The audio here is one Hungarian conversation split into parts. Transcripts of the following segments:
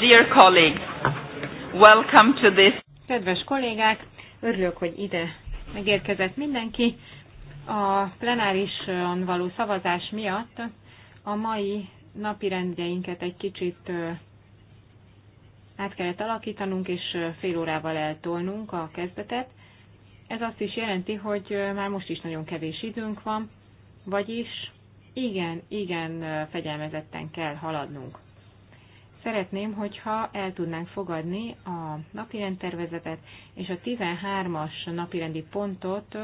Dear colleagues, welcome to this. Kedves kollégák, örülök, hogy ide megérkezett mindenki. A plenárison való szavazás miatt a mai napi rendjeinket egy kicsit át kellett alakítanunk, és fél órával eltolnunk a kezdetet. Ez azt is jelenti, hogy már most is nagyon kevés időnk van, vagyis igen, igen fegyelmezetten kell haladnunk. Szeretném, hogyha el tudnánk fogadni a napirendtervezetet, és a 13-as napirendi pontot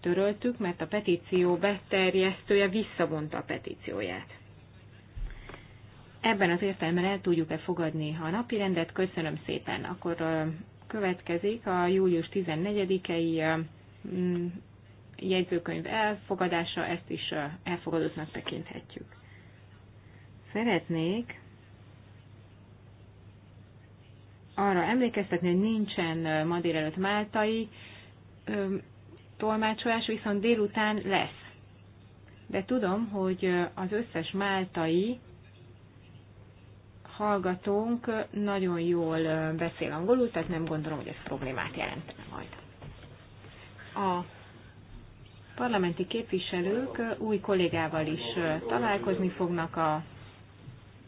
töröltük, mert a petíció beterjesztője visszavonta a petícióját. Ebben az értelemben el tudjuk-e fogadni a napirendet? Köszönöm szépen. Akkor következik a július 14-i jegyzőkönyv elfogadása, ezt is elfogadottnak tekinthetjük. Szeretnék arra emlékeztetni, hogy nincsen ma délelőtt máltai tolmácsolás, viszont délután lesz. De tudom, hogy az összes máltai hallgatónk nagyon jól beszél angolul, tehát nem gondolom, hogy ez problémát jelent majd. A parlamenti képviselők új kollégával is találkozni fognak a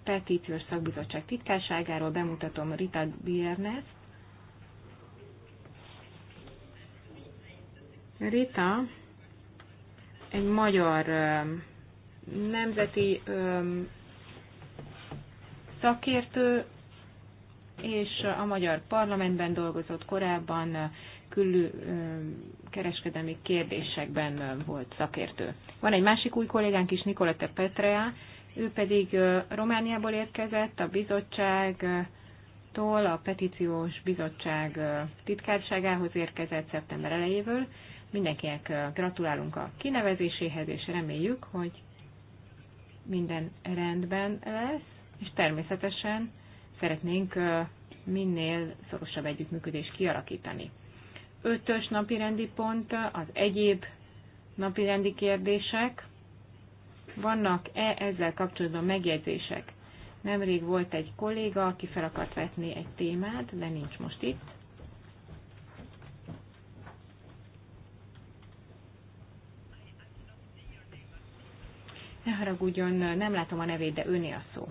petíciós szakbizottság titkárságáról, bemutatom Rita Biernes. Rita egy magyar nemzeti szakértő, és a magyar parlamentben dolgozott korábban kül kereskedelmi kérdésekben volt szakértő. Van egy másik új kollégánk is, Nikolete Petrea, ő pedig Romániából érkezett, a bizottságtól, a petíciós bizottság titkárságához érkezett szeptember elejéből. Mindenkinek gratulálunk a kinevezéséhez, és reméljük, hogy minden rendben lesz, és természetesen szeretnénk minél szorosabb együttműködést kialakítani ötös napirendi pont az egyéb napirendi kérdések. Vannak-e ezzel kapcsolatban megjegyzések? Nemrég volt egy kolléga, aki fel akart vetni egy témát, de nincs most itt. Ne haragudjon, nem látom a nevét, de őné a szó.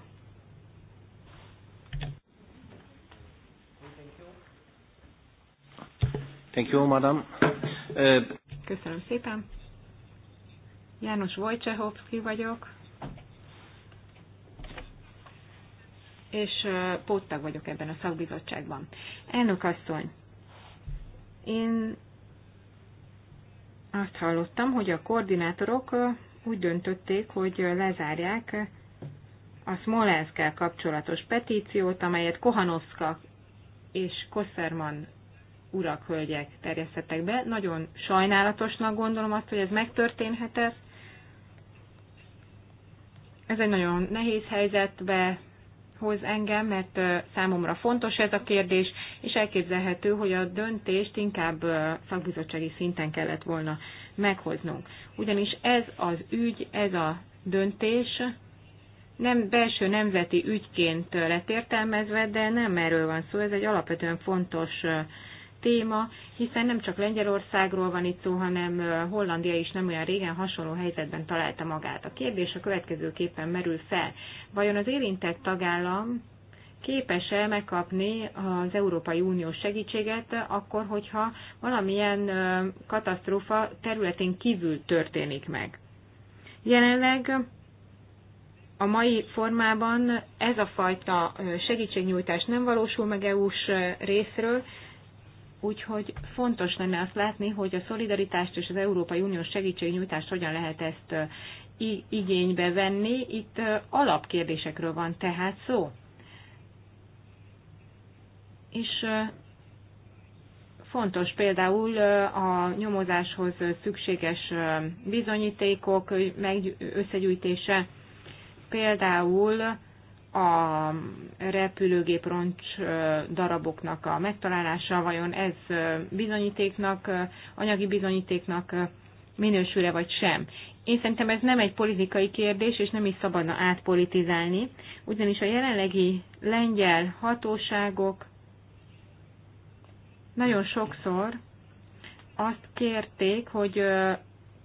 Thank you, madam. Uh, Köszönöm szépen. János Wojciechowski vagyok, és uh, póttag vagyok ebben a szakbizottságban. Elnök asszony, én azt hallottam, hogy a koordinátorok uh, úgy döntötték, hogy lezárják a Smolenskkel kapcsolatos petíciót, amelyet Kohanovska és Kosszerman urak, hölgyek terjesztettek be. Nagyon sajnálatosnak gondolom azt, hogy ez megtörténhetett. Ez egy nagyon nehéz helyzetbe hoz engem, mert számomra fontos ez a kérdés, és elképzelhető, hogy a döntést inkább szakbizottsági szinten kellett volna meghoznunk. Ugyanis ez az ügy, ez a döntés nem belső nemzeti ügyként lett értelmezve, de nem erről van szó, ez egy alapvetően fontos téma, hiszen nem csak Lengyelországról van itt szó, hanem Hollandia is nem olyan régen hasonló helyzetben találta magát. A kérdés a következőképpen merül fel. Vajon az érintett tagállam képes-e megkapni az Európai Uniós segítséget akkor, hogyha valamilyen katasztrófa területén kívül történik meg. Jelenleg a mai formában ez a fajta segítségnyújtás nem valósul meg EU-s részről, Úgyhogy fontos lenne azt látni, hogy a szolidaritást és az Európai Uniós segítségnyújtást hogyan lehet ezt igénybe venni. Itt alapkérdésekről van tehát szó. És fontos például a nyomozáshoz szükséges bizonyítékok összegyűjtése, például a repülőgép roncs daraboknak a megtalálása, vajon ez bizonyítéknak, anyagi bizonyítéknak minősül-e vagy sem. Én szerintem ez nem egy politikai kérdés, és nem is szabadna átpolitizálni, ugyanis a jelenlegi lengyel hatóságok nagyon sokszor azt kérték, hogy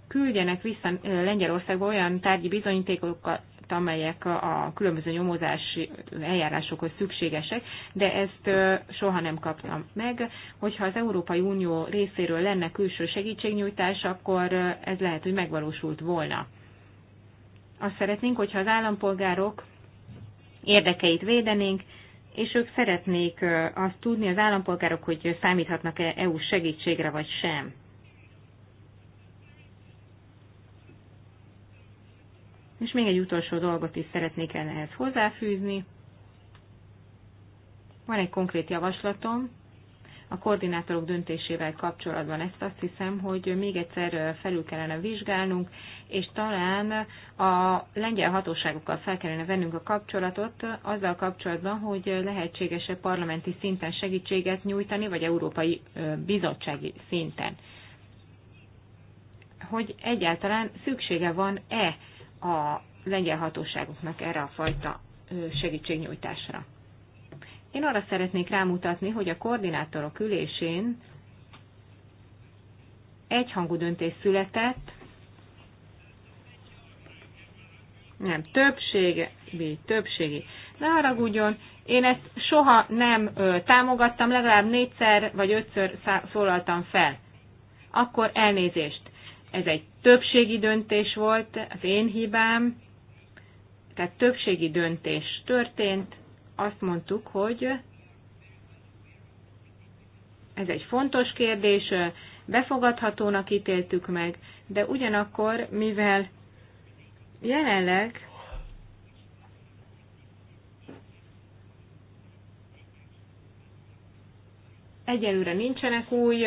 küldjenek vissza Lengyelországba olyan tárgyi bizonyítékokat, ott, amelyek a különböző nyomozási eljárásokhoz szükségesek, de ezt soha nem kaptam meg. Hogyha az Európai Unió részéről lenne külső segítségnyújtás, akkor ez lehet, hogy megvalósult volna. Azt szeretnénk, hogyha az állampolgárok érdekeit védenénk, és ők szeretnék azt tudni, az állampolgárok, hogy számíthatnak-e EU segítségre vagy sem. És még egy utolsó dolgot is szeretnék el ehhez hozzáfűzni. Van egy konkrét javaslatom, a koordinátorok döntésével kapcsolatban ezt azt hiszem, hogy még egyszer felül kellene vizsgálnunk, és talán a lengyel hatóságokkal fel kellene vennünk a kapcsolatot azzal kapcsolatban, hogy lehetséges-e parlamenti szinten segítséget nyújtani, vagy európai bizottsági szinten. Hogy egyáltalán szüksége van-e a lengyel hatóságoknak erre a fajta segítségnyújtásra. Én arra szeretnék rámutatni, hogy a koordinátorok ülésén egyhangú döntés született, nem, többségi, többségi. Ne haragudjon, én ezt soha nem ö, támogattam, legalább négyszer vagy ötször szólaltam fel. Akkor elnézést. Ez egy többségi döntés volt, az én hibám, tehát többségi döntés történt, azt mondtuk, hogy ez egy fontos kérdés, befogadhatónak ítéltük meg, de ugyanakkor, mivel jelenleg Egyelőre nincsenek új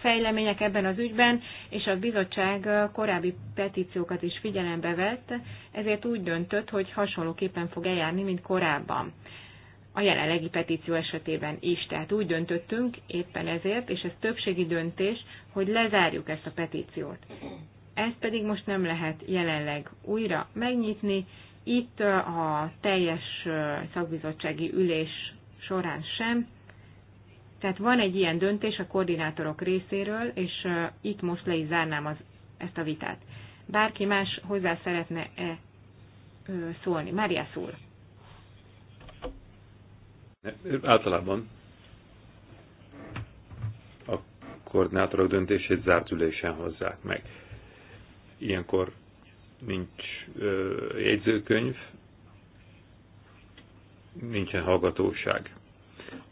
fejlemények ebben az ügyben, és a bizottság korábbi petíciókat is figyelembe vett, ezért úgy döntött, hogy hasonlóképpen fog eljárni, mint korábban. A jelenlegi petíció esetében is. Tehát úgy döntöttünk éppen ezért, és ez többségi döntés, hogy lezárjuk ezt a petíciót. Ezt pedig most nem lehet jelenleg újra megnyitni. Itt a teljes szakbizottsági ülés során sem, tehát van egy ilyen döntés a koordinátorok részéről, és itt most le is zárnám az, ezt a vitát. Bárki más hozzá szeretne-e szólni? Mária szól? Általában a koordinátorok döntését zárt ülésen hozzák meg. Ilyenkor nincs uh, jegyzőkönyv, nincsen hallgatóság.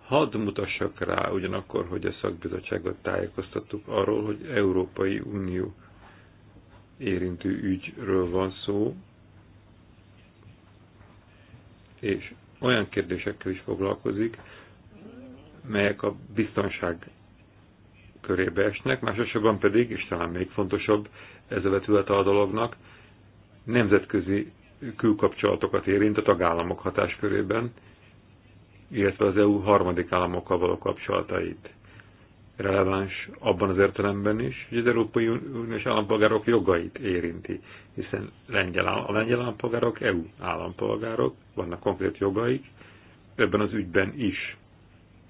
Hadd mutassak rá ugyanakkor, hogy a szakbizottságot tájékoztattuk arról, hogy Európai Unió érintő ügyről van szó, és olyan kérdésekkel is foglalkozik, melyek a biztonság körébe esnek, másosabban pedig, és talán még fontosabb ez a vetülete a dolognak, nemzetközi külkapcsolatokat érint a tagállamok hatáskörében, illetve az EU harmadik államokkal való kapcsolatait. Releváns abban az értelemben is, hogy az Európai Uniós állampolgárok jogait érinti, hiszen lengyel, a lengyel állampolgárok EU állampolgárok, vannak konkrét jogaik, ebben az ügyben is.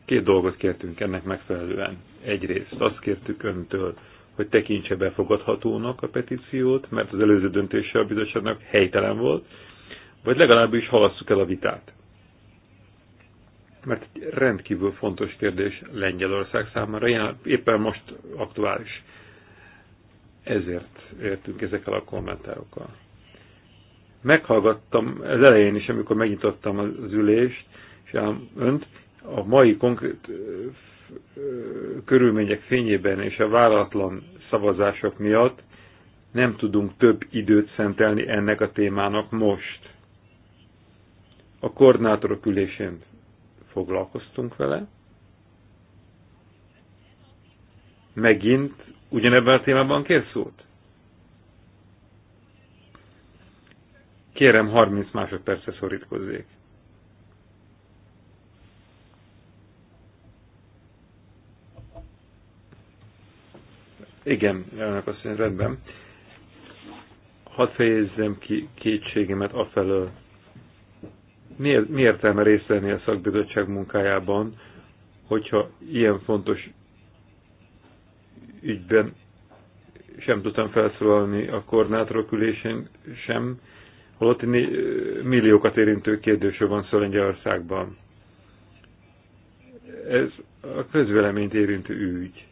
Két dolgot kértünk ennek megfelelően. Egyrészt azt kértük öntől, hogy tekintse befogadhatónak a petíciót, mert az előző döntése a bizottságnak helytelen volt, vagy legalábbis halasszuk el a vitát mert egy rendkívül fontos kérdés Lengyelország számára, éppen most aktuális. Ezért értünk ezekkel a kommentárokkal. Meghallgattam az elején is, amikor megnyitottam az ülést, és ám önt, a mai konkrét körülmények fényében és a váratlan szavazások miatt nem tudunk több időt szentelni ennek a témának most. A koordinátorok ülésén foglalkoztunk vele. Megint ugyanebben a témában kér szót? Kérem, 30 másodpercre szorítkozzék. Igen, azt asszony, rendben. Hadd fejezzem ki kétségemet afelől, miért, mi értelme részt venni a szakbizottság munkájában, hogyha ilyen fontos ügyben sem tudtam felszólalni a koordinátorok sem, holott milliókat érintő kérdésről van szó Lengyelországban. Ez a közvéleményt érintő ügy.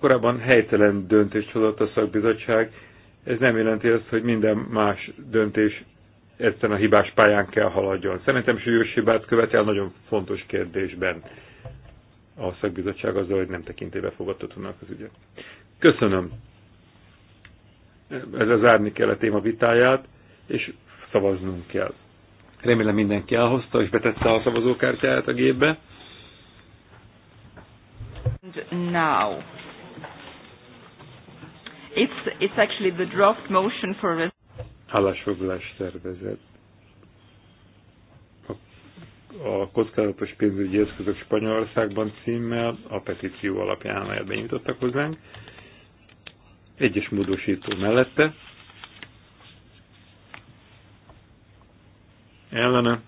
Korábban helytelen döntést hozott a szakbizottság, ez nem jelenti azt, hogy minden más döntés ezen a hibás pályán kell haladjon. Szerintem súlyos hibát követel nagyon fontos kérdésben a szakbizottság azzal, hogy nem tekintébe fogadtatónak az ügyet. Köszönöm. Ez az kell a téma vitáját, és szavaznunk kell. Remélem mindenki elhozta és betette a szavazókártyáját a gépbe. Now. It's, it's actually the draft motion for állásfoglalás tervezet a kockázatos pénzügyi eszközök Spanyolországban címmel a petíció alapján, amelyet benyújtottak hozzánk. Egyes módosító mellette. Ellene.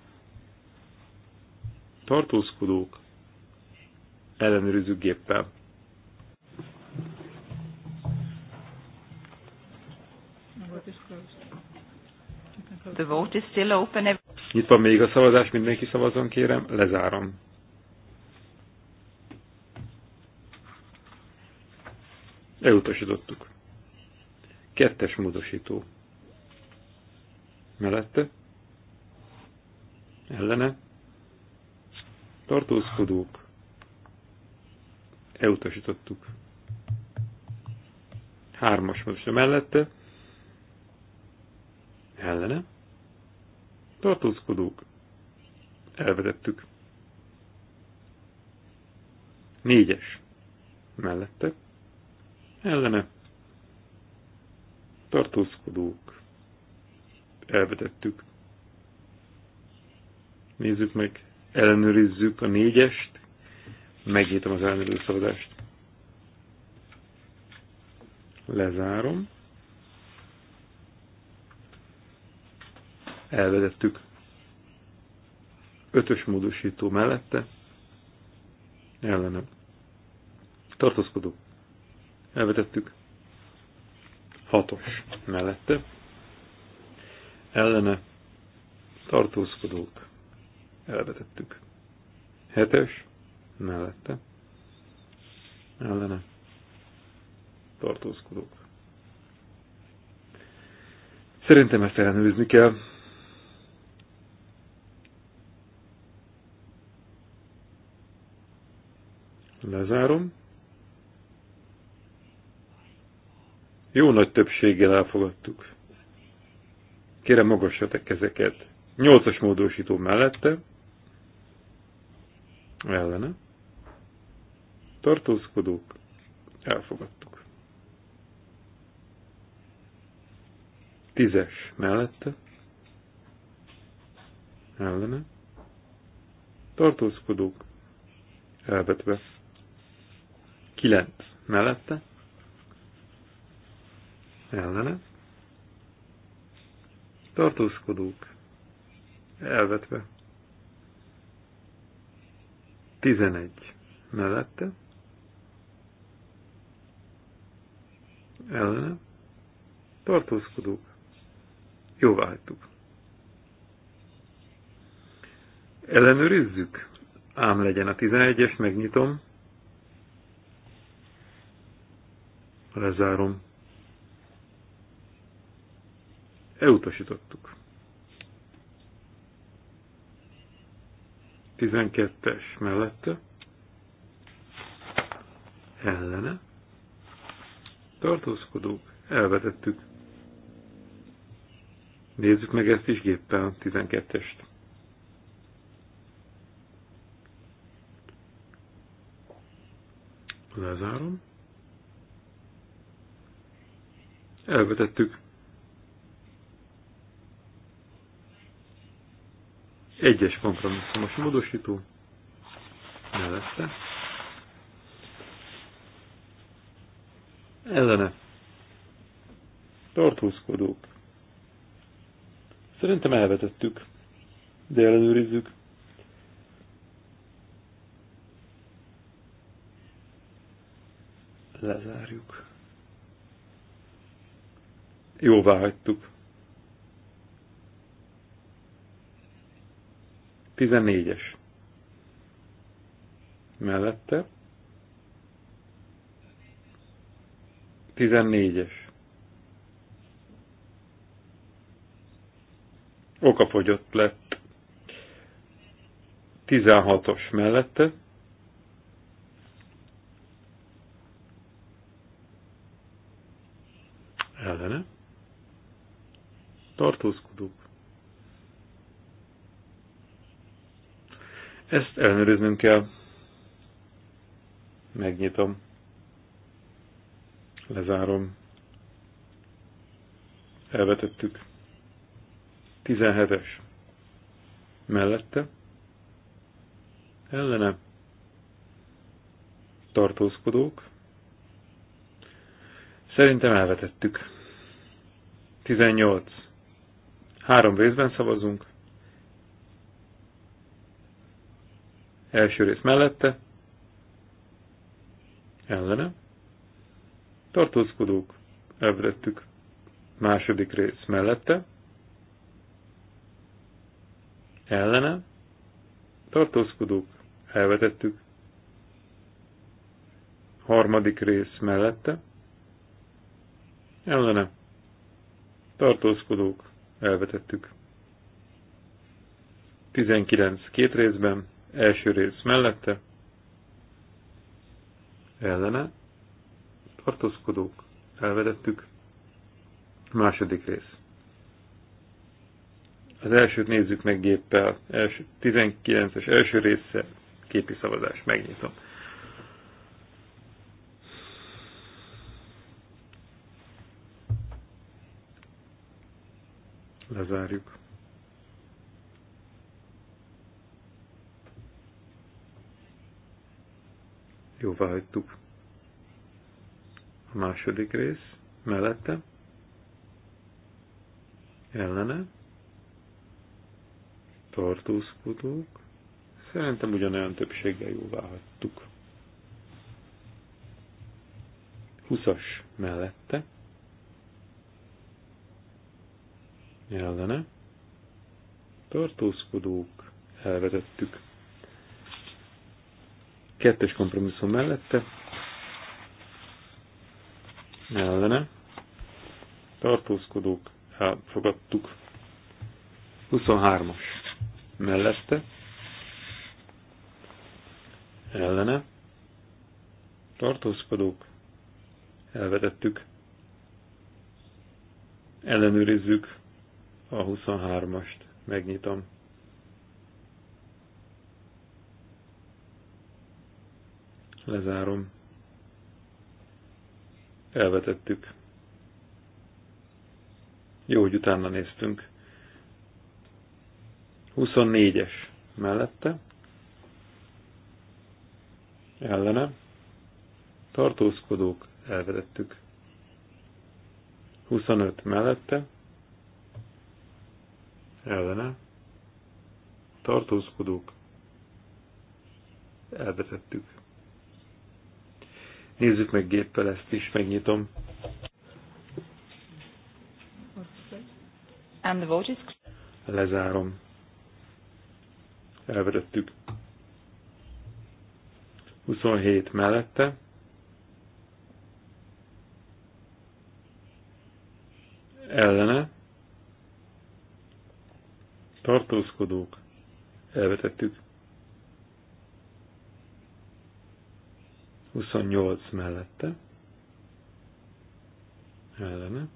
Tartózkodók. Ellenőrző géppel. The vote is still open. van még a szavazás, mindenki szavazon kérem, lezárom. Elutasítottuk. Kettes módosító. Mellette. Ellene. Tartózkodók. Elutasítottuk. Hármas módosító mellette. Ellene tartózkodók, elvetettük. Négyes, mellette, ellene, tartózkodók, elvetettük. Nézzük meg, ellenőrizzük a négyest, megnyitom az ellenőrző szavazást. Lezárom. elvezettük. Ötös módosító mellette, ellenem. Tartózkodó. Elvetettük. Hatos mellette. Ellene. Tartózkodók. Elvetettük. Hetes mellette. Ellene. Tartózkodók. Szerintem ezt ellenőrizni kell. Lezárom. Jó nagy többséggel elfogadtuk. Kérem magassatok ezeket. Nyolcas módosító mellette. Ellene. Tartózkodók. Elfogadtuk. Tízes mellette. Ellene. Tartózkodók. Elvetve. 9 mellette, ellene, tartózkodók, elvetve, 11 mellette, ellene, tartózkodók, jóvá hagytuk. Ellenőrizzük, ám legyen a 11-es, megnyitom. Lezárom. Elutasítottuk. 12-es mellette. Ellene. Tartózkodók. Elvetettük. Nézzük meg ezt is géppel, 12-est. Lezárom. elvetettük. Egyes kompromisszumos módosító mellette. Ellene. Tartózkodók. Szerintem elvetettük, de ellenőrizzük. Lezárjuk jóvá hagytuk. 14-es. Mellette. 14-es. Okafogyott lett. 16-os mellette tartózkodók. Ezt ellenőriznünk kell. Megnyitom. Lezárom. Elvetettük. 17-es. Mellette. Ellene. Tartózkodók. Szerintem elvetettük. 18. Három részben szavazunk. Első rész mellette. Ellene. Tartózkodók. Elvettük. Második rész mellette. Ellene. Tartózkodók. Elvetettük. Harmadik rész mellette. Ellene. Tartózkodók elvetettük. 19 két részben, első rész mellette, ellene, tartózkodók, elvetettük, második rész. Az elsőt nézzük meg géppel, első, 19-es első része, képi szavazás, megnyitom. Lezárjuk. Jóvá hagytuk. A második rész mellette. Ellene. Tartózkodók. Szerintem ugyanolyan többséggel jóvá hagytuk. 20-as mellette ellene tartózkodók elvetettük. Kettes kompromisszum mellette ellene tartózkodók elfogadtuk. 23-as mellette ellene tartózkodók elvetettük ellenőrizzük a 23-ast. Megnyitom. Lezárom. Elvetettük. Jó, hogy utána néztünk. 24-es mellette. Ellene. Tartózkodók elvetettük. 25 mellette ellene tartózkodók elvetettük. Nézzük meg géppel ezt is, megnyitom. And the vote is... Lezárom. Elvetettük. 27 mellette. Ellene tartózkodók, elvetettük. 28 mellette, ellene,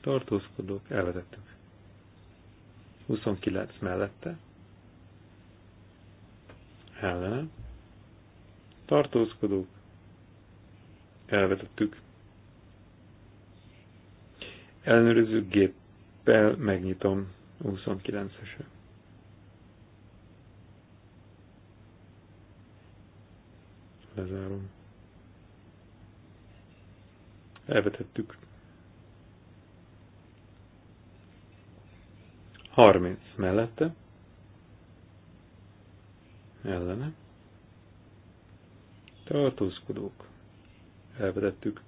tartózkodók, elvetettük. 29 mellette, ellene, tartózkodók, elvetettük. Ellenőrző géppel megnyitom 29-ese. Lezárom. Elvetettük. 30 mellette. Ellene. Tartózkodók. Elvetettük.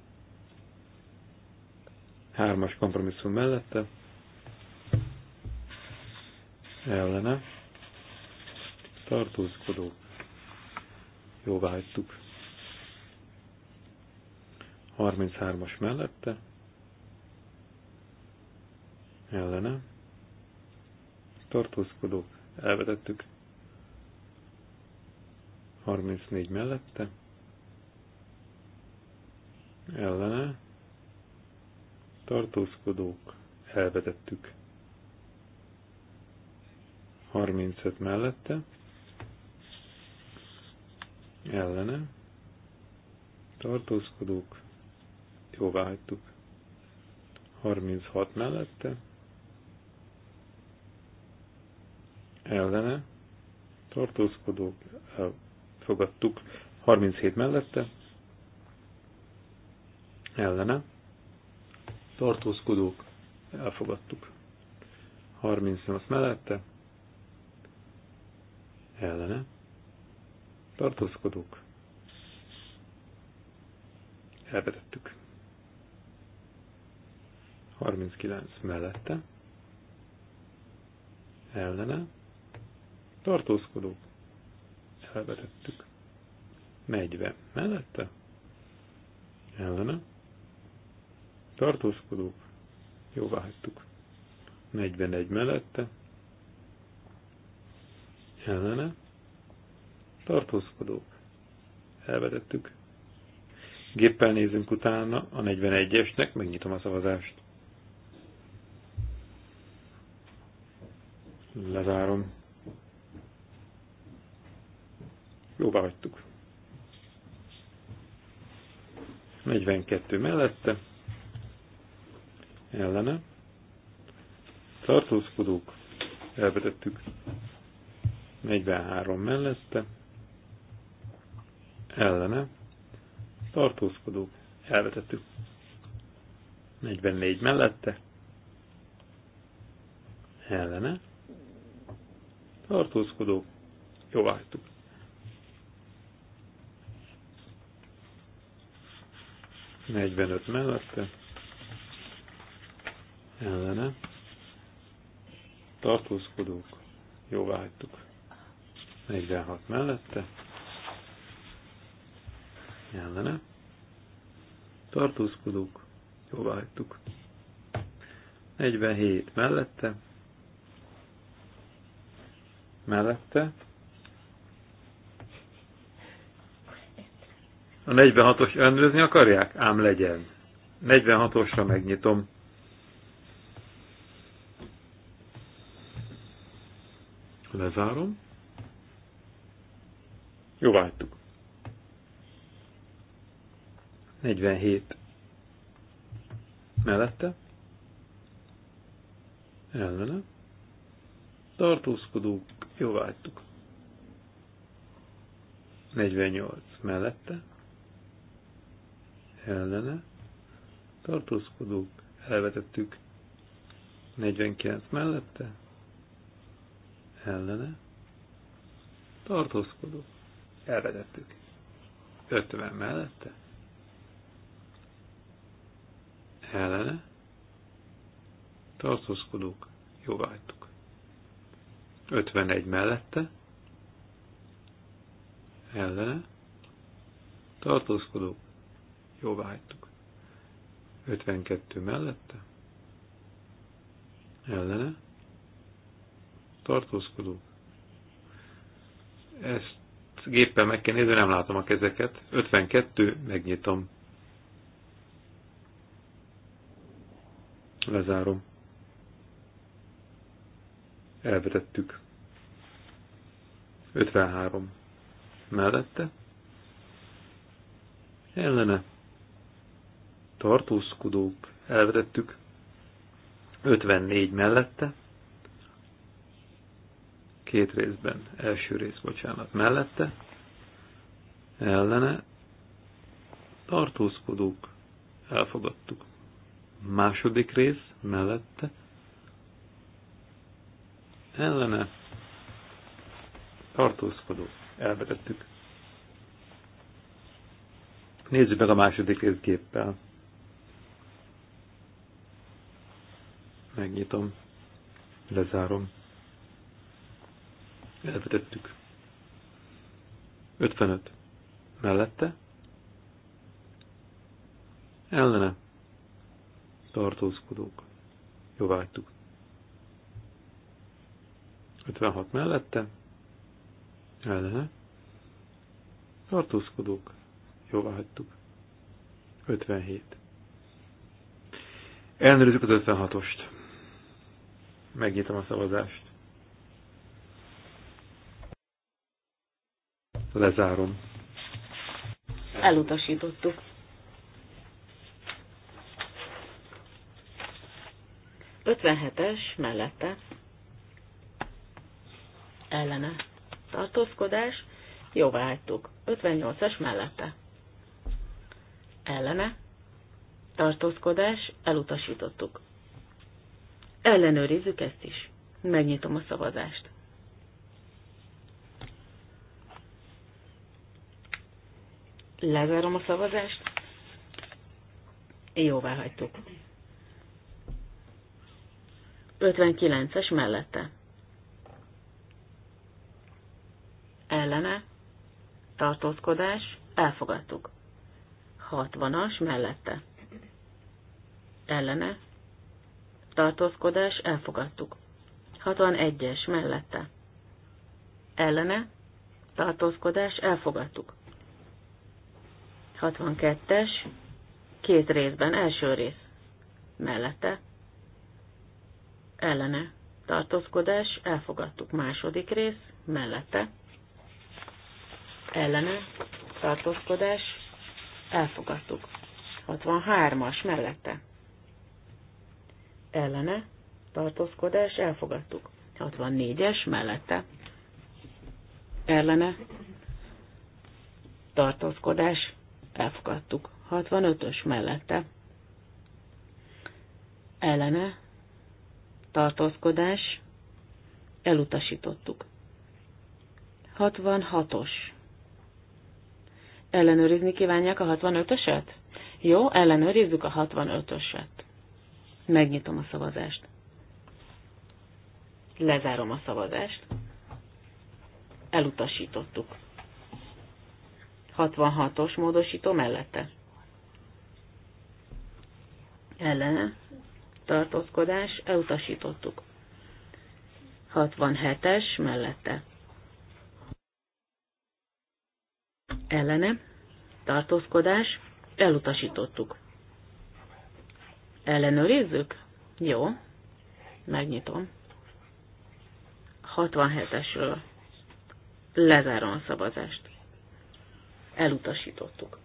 Hármas kompromisszum mellette ellene tartózkodó jóvá hagytuk. 33-as mellette ellene tartózkodó elvetettük. 34 mellette ellene tartózkodók elvetettük. 35 mellette, ellene, tartózkodók, jóvá hagytuk. 36 mellette, ellene, tartózkodók, fogadtuk, 37 mellette, ellene, tartózkodók, elfogadtuk. 38 mellette, ellene tartózkodók elvetettük. 39 mellette ellene tartózkodók elvetettük. 40 mellette ellene tartózkodók jóvá hagytuk. 41 mellette ellene tartózkodók. Elvetettük. Géppel nézünk utána a 41-esnek, megnyitom a szavazást. Lezárom. Jóba hagytuk. 42 mellette, ellene, tartózkodók, elvetettük. 43 mellette, ellene, tartózkodók, elvetettük. 44 mellette, ellene, tartózkodók, jóváhagytuk. Negyvenöt mellette, ellene, tartózkodók, jóváhagytuk. 46 mellette, Jelene. tartózkodók, jóvá hagytuk. 47 mellette, mellette, a 46-os önrözni akarják? Ám legyen. 46-osra megnyitom. Lezárom. Jóvá hagytuk. 47 mellette, ellene, tartózkodók, jóvá hagytuk. 48 mellette, ellene, tartózkodók, elvetettük. 49 mellette, ellene, tartózkodók elvedettük. 50 mellette, ellene, tartózkodók, jóvá 51 mellette, ellene, tartózkodók, jóvá 52 mellette, ellene, tartózkodók. Ezt géppel meg kell nézni, nem látom a kezeket. 52, megnyitom. Lezárom. Elvetettük. 53. Mellette. Ellene. Tartózkodók. Elvetettük. 54 mellette Két részben. Első rész, bocsánat. Mellette. Ellene. Tartózkodók. Elfogadtuk. Második rész. Mellette. Ellene. Tartózkodók. Elvetettük. Nézzük meg a második rész géppel. Megnyitom. Lezárom elvetettük. 55 mellette, ellene tartózkodók, jóvágytuk. 56 mellette, ellene tartózkodók, jóvágytuk. 57 Elnőrizzük az 56-ost. Megnyitom a szavazást. Lezárom. Elutasítottuk. Ötvenhetes mellette ellene tartózkodás, jóvá hagytuk. 58-as mellette ellene tartózkodás, elutasítottuk. Ellenőrizzük ezt is. Megnyitom a szavazást. Lezárom a szavazást. Jóvá hagytuk. 59-es mellette. Ellene. Tartózkodás. Elfogadtuk. 60-as mellette. Ellene. Tartózkodás. Elfogadtuk. 61-es mellette. Ellene. Tartózkodás. Elfogadtuk. 62-es, két részben, első rész mellette, ellene, tartózkodás, elfogadtuk második rész, mellette, ellene, tartózkodás, elfogadtuk. 63-as mellette. Ellene, tartózkodás, elfogadtuk. 64-es mellette. Ellene, tartózkodás, elfogadtuk. 65-ös mellette ellene tartózkodás elutasítottuk. 66-os. Ellenőrizni kívánják a 65-öset? Jó, ellenőrizzük a 65-öset. Megnyitom a szavazást. Lezárom a szavazást. Elutasítottuk. 66-os módosító mellette. Ellene tartózkodás elutasítottuk. 67-es mellette. Ellene tartózkodás elutasítottuk. Ellenőrizzük? Jó. Megnyitom. 67-esről. Lezárom a szavazást elutasítottuk.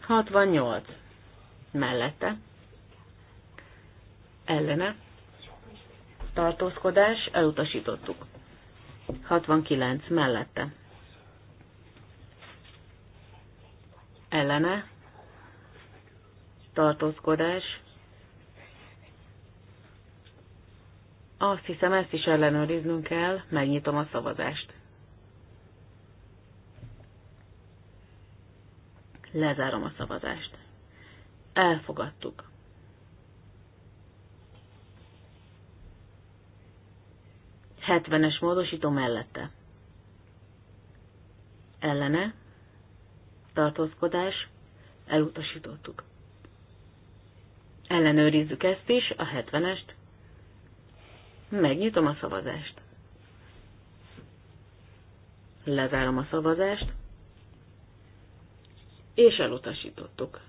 68 mellette ellene tartózkodás elutasítottuk. 69 mellette ellene tartózkodás Azt hiszem, ezt is ellenőriznünk kell, megnyitom a szavazást. Lezárom a szavazást. Elfogadtuk. Hetvenes módosító mellette. Ellene. Tartózkodás. Elutasítottuk. Ellenőrizzük ezt is, a hetvenest. Megnyitom a szavazást. Lezárom a szavazást és elutasítottuk.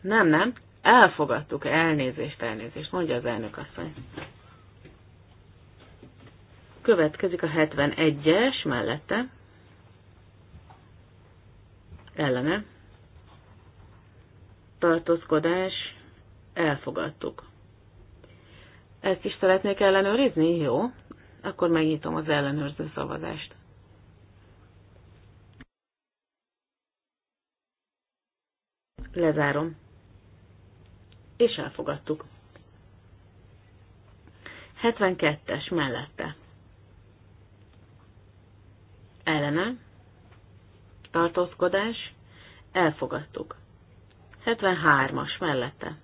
Nem, nem, elfogadtuk, elnézést, elnézést, mondja az elnök asszony. Következik a 71-es mellette. Ellene. Tartózkodás. Elfogadtuk. Ezt is szeretnék ellenőrizni? Jó. Akkor megnyitom az ellenőrző szavazást. Lezárom. És elfogadtuk. 72-es mellette. Ellene. Tartózkodás. Elfogadtuk. 73-as mellette.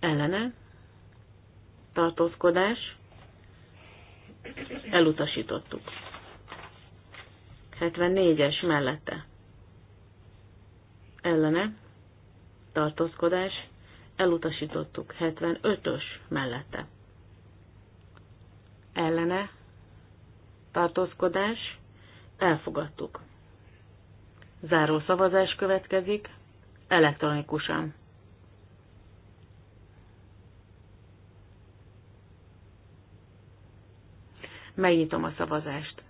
Ellene. Tartózkodás. Elutasítottuk. 74-es mellette ellene tartózkodás elutasítottuk 75-ös mellette. Ellene tartózkodás elfogadtuk. Záró szavazás következik elektronikusan. Megnyitom a szavazást.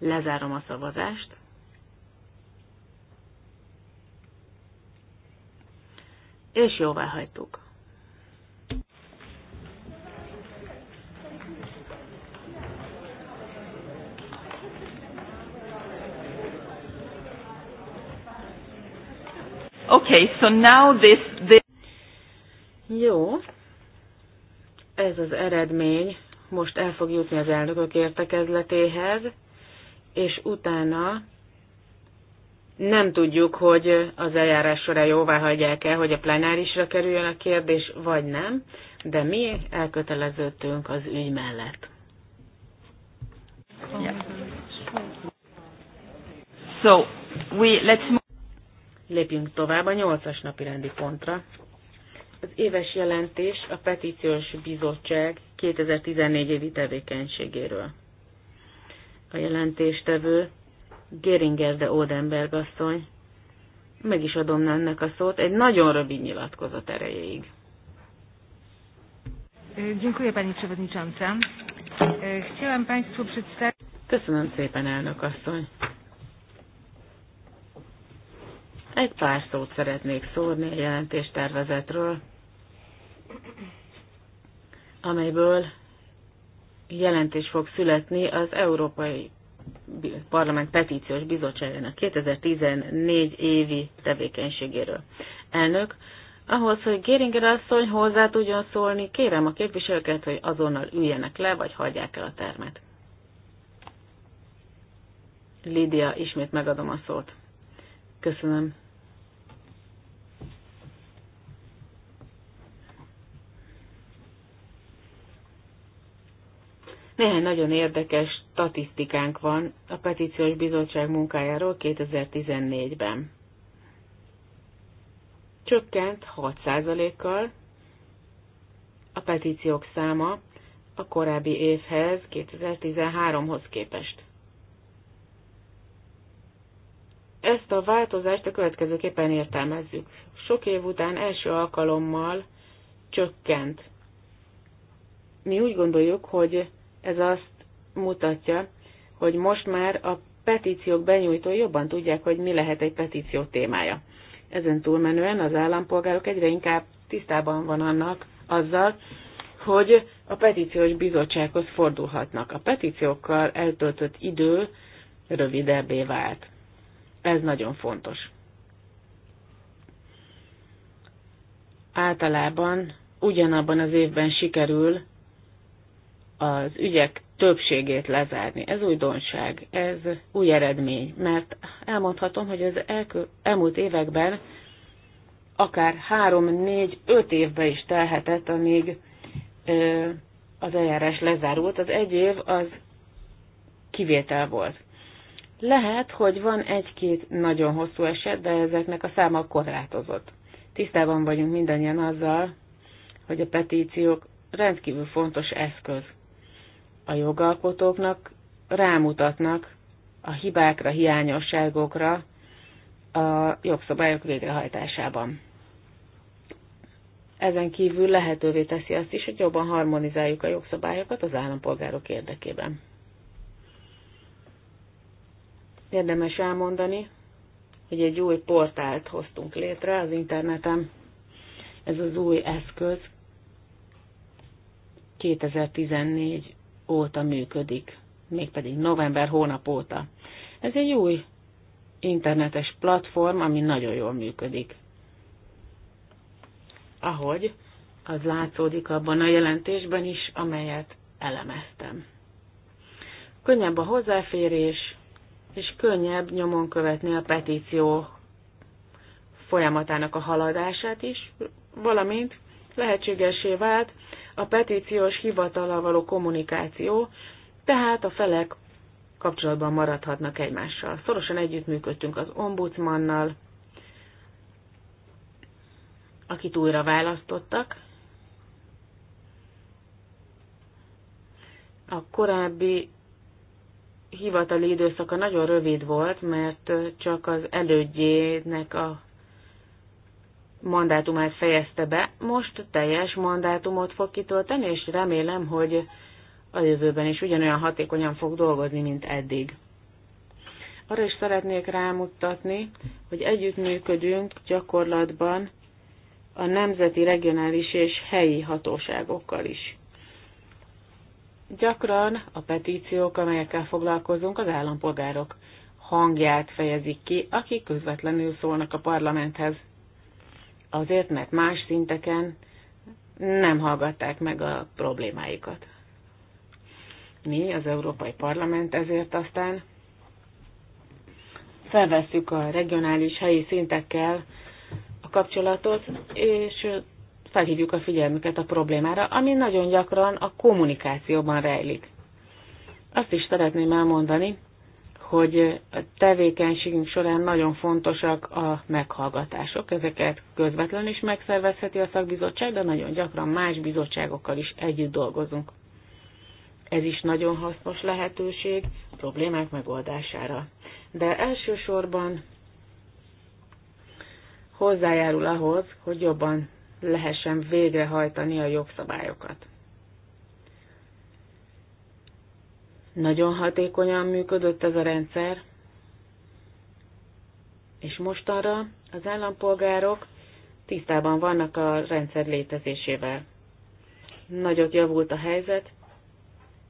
Lezárom a szavazást. És jóvá hagytuk. Okay, so now this, this... Jó. Ez az eredmény most el fog jutni az elnökök értekezletéhez és utána nem tudjuk, hogy az eljárás során jóvá hagyják-e, hogy a plenárisra kerüljön a kérdés, vagy nem, de mi elköteleződtünk az ügy mellett. Yeah. So, we, let's move. Lépjünk tovább a nyolcas napi rendi pontra. Az éves jelentés a Petíciós Bizottság 2014 évi tevékenységéről a jelentéstevő, Geringer de Odenberg asszony. Meg is adom ennek a szót egy nagyon rövid nyilatkozat erejéig. E, dziękuję Pani Przewodnicząca. E, Chciałam Państwu przedstawić... Köszönöm szépen, elnök asszony. Egy pár szót szeretnék szórni a jelentéstervezetről, amelyből jelentés fog születni az Európai Parlament Petíciós Bizottságának 2014 évi tevékenységéről. Elnök, ahhoz, hogy Géringer asszony hozzá tudjon szólni, kérem a képviselőket, hogy azonnal üljenek le, vagy hagyják el a termet. Lídia, ismét megadom a szót. Köszönöm. Néhány nagyon érdekes statisztikánk van a Petíciós Bizottság munkájáról 2014-ben. Csökkent 6%-kal a petíciók száma a korábbi évhez, 2013-hoz képest. Ezt a változást a következőképpen értelmezzük. Sok év után első alkalommal csökkent. Mi úgy gondoljuk, hogy ez azt mutatja, hogy most már a petíciók benyújtói jobban tudják, hogy mi lehet egy petíció témája. Ezen túlmenően az állampolgárok egyre inkább tisztában van annak azzal, hogy a petíciós bizottsághoz fordulhatnak. A petíciókkal eltöltött idő rövidebbé vált. Ez nagyon fontos. Általában ugyanabban az évben sikerül az ügyek többségét lezárni. Ez újdonság, ez új eredmény, mert elmondhatom, hogy az elmúlt években akár három, négy, öt évbe is telhetett, amíg ö, az eljárás lezárult. Az egy év az kivétel volt. Lehet, hogy van egy-két nagyon hosszú eset, de ezeknek a száma korlátozott. Tisztában vagyunk mindannyian azzal, hogy a petíciók rendkívül fontos eszköz a jogalkotóknak rámutatnak a hibákra, hiányosságokra a jogszabályok végrehajtásában. Ezen kívül lehetővé teszi azt is, hogy jobban harmonizáljuk a jogszabályokat az állampolgárok érdekében. Érdemes elmondani, hogy egy új portált hoztunk létre az interneten. Ez az új eszköz 2014 óta működik, mégpedig november hónap óta. Ez egy új internetes platform, ami nagyon jól működik. Ahogy az látszódik abban a jelentésben is, amelyet elemeztem. Könnyebb a hozzáférés, és könnyebb nyomon követni a petíció folyamatának a haladását is, valamint lehetségesé vált a petíciós hivatalal való kommunikáció, tehát a felek kapcsolatban maradhatnak egymással. Szorosan együttműködtünk az ombudsmannal, akit újra választottak. A korábbi hivatali időszaka nagyon rövid volt, mert csak az elődjének a mandátumát fejezte be, most teljes mandátumot fog kitölteni, és remélem, hogy a jövőben is ugyanolyan hatékonyan fog dolgozni, mint eddig. Arra is szeretnék rámutatni, hogy együttműködünk gyakorlatban a nemzeti, regionális és helyi hatóságokkal is. Gyakran a petíciók, amelyekkel foglalkozunk, az állampolgárok hangját fejezik ki, akik közvetlenül szólnak a parlamenthez azért, mert más szinteken nem hallgatták meg a problémáikat. Mi, az Európai Parlament ezért aztán felvesszük a regionális helyi szintekkel a kapcsolatot, és felhívjuk a figyelmüket a problémára, ami nagyon gyakran a kommunikációban rejlik. Azt is szeretném elmondani, hogy a tevékenységünk során nagyon fontosak a meghallgatások. Ezeket közvetlenül is megszervezheti a szakbizottság, de nagyon gyakran más bizottságokkal is együtt dolgozunk. Ez is nagyon hasznos lehetőség a problémák megoldására. De elsősorban hozzájárul ahhoz, hogy jobban lehessen végrehajtani a jogszabályokat. Nagyon hatékonyan működött ez a rendszer, és mostanra az állampolgárok tisztában vannak a rendszer létezésével. Nagyot javult a helyzet,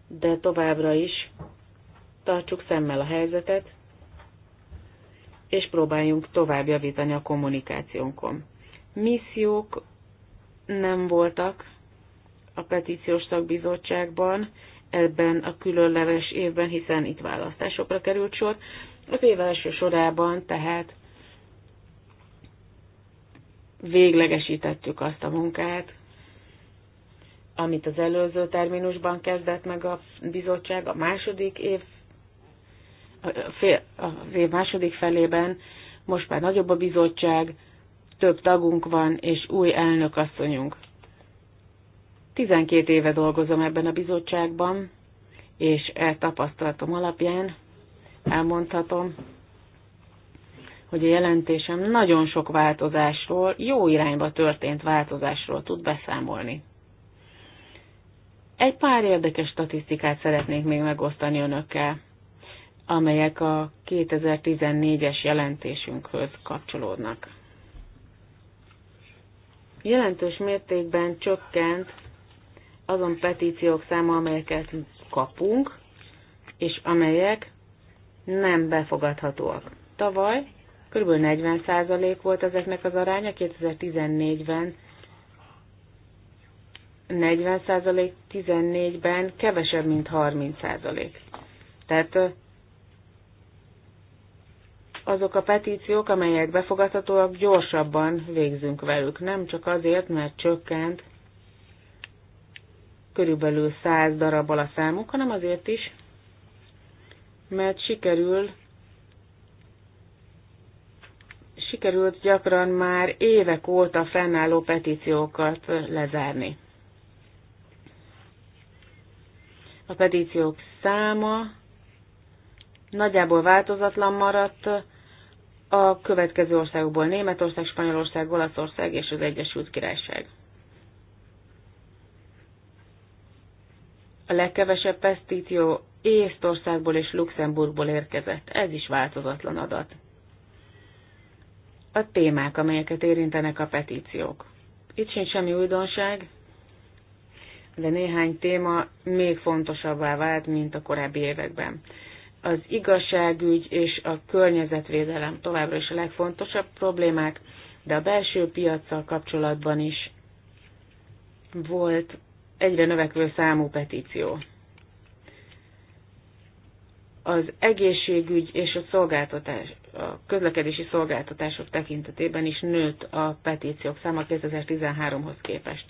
de továbbra is tartsuk szemmel a helyzetet, és próbáljunk tovább javítani a kommunikációnkon. Missziók nem voltak a petíciós szakbizottságban, ebben a különleges évben, hiszen itt választásokra került sor. Az év első sorában tehát véglegesítettük azt a munkát, amit az előző terminusban kezdett meg a bizottság a második év, a, fél, a év második felében, most már nagyobb a bizottság, több tagunk van, és új elnök asszonyunk 12 éve dolgozom ebben a bizottságban, és e tapasztalatom alapján elmondhatom, hogy a jelentésem nagyon sok változásról, jó irányba történt változásról tud beszámolni. Egy pár érdekes statisztikát szeretnék még megosztani önökkel, amelyek a 2014-es jelentésünkhöz kapcsolódnak. Jelentős mértékben csökkent azon petíciók száma, amelyeket kapunk, és amelyek nem befogadhatóak. Tavaly kb. 40% volt ezeknek az aránya, 2014-ben 40%, 14-ben kevesebb, mint 30%. Tehát azok a petíciók, amelyek befogadhatóak, gyorsabban végzünk velük. Nem csak azért, mert csökkent körülbelül 100 darabbal a számuk, hanem azért is, mert sikerül sikerült gyakran már évek óta fennálló petíciókat lezárni. A petíciók száma nagyjából változatlan maradt a következő országokból Németország, Spanyolország, Olaszország és az Egyesült Királyság. a legkevesebb pesztíció Észtországból és Luxemburgból érkezett. Ez is változatlan adat. A témák, amelyeket érintenek a petíciók. Itt sincs semmi újdonság, de néhány téma még fontosabbá vált, mint a korábbi években. Az igazságügy és a környezetvédelem továbbra is a legfontosabb problémák, de a belső piaccal kapcsolatban is volt egyre növekvő számú petíció. Az egészségügy és a szolgáltatás, a közlekedési szolgáltatások tekintetében is nőtt a petíciók száma 2013-hoz képest.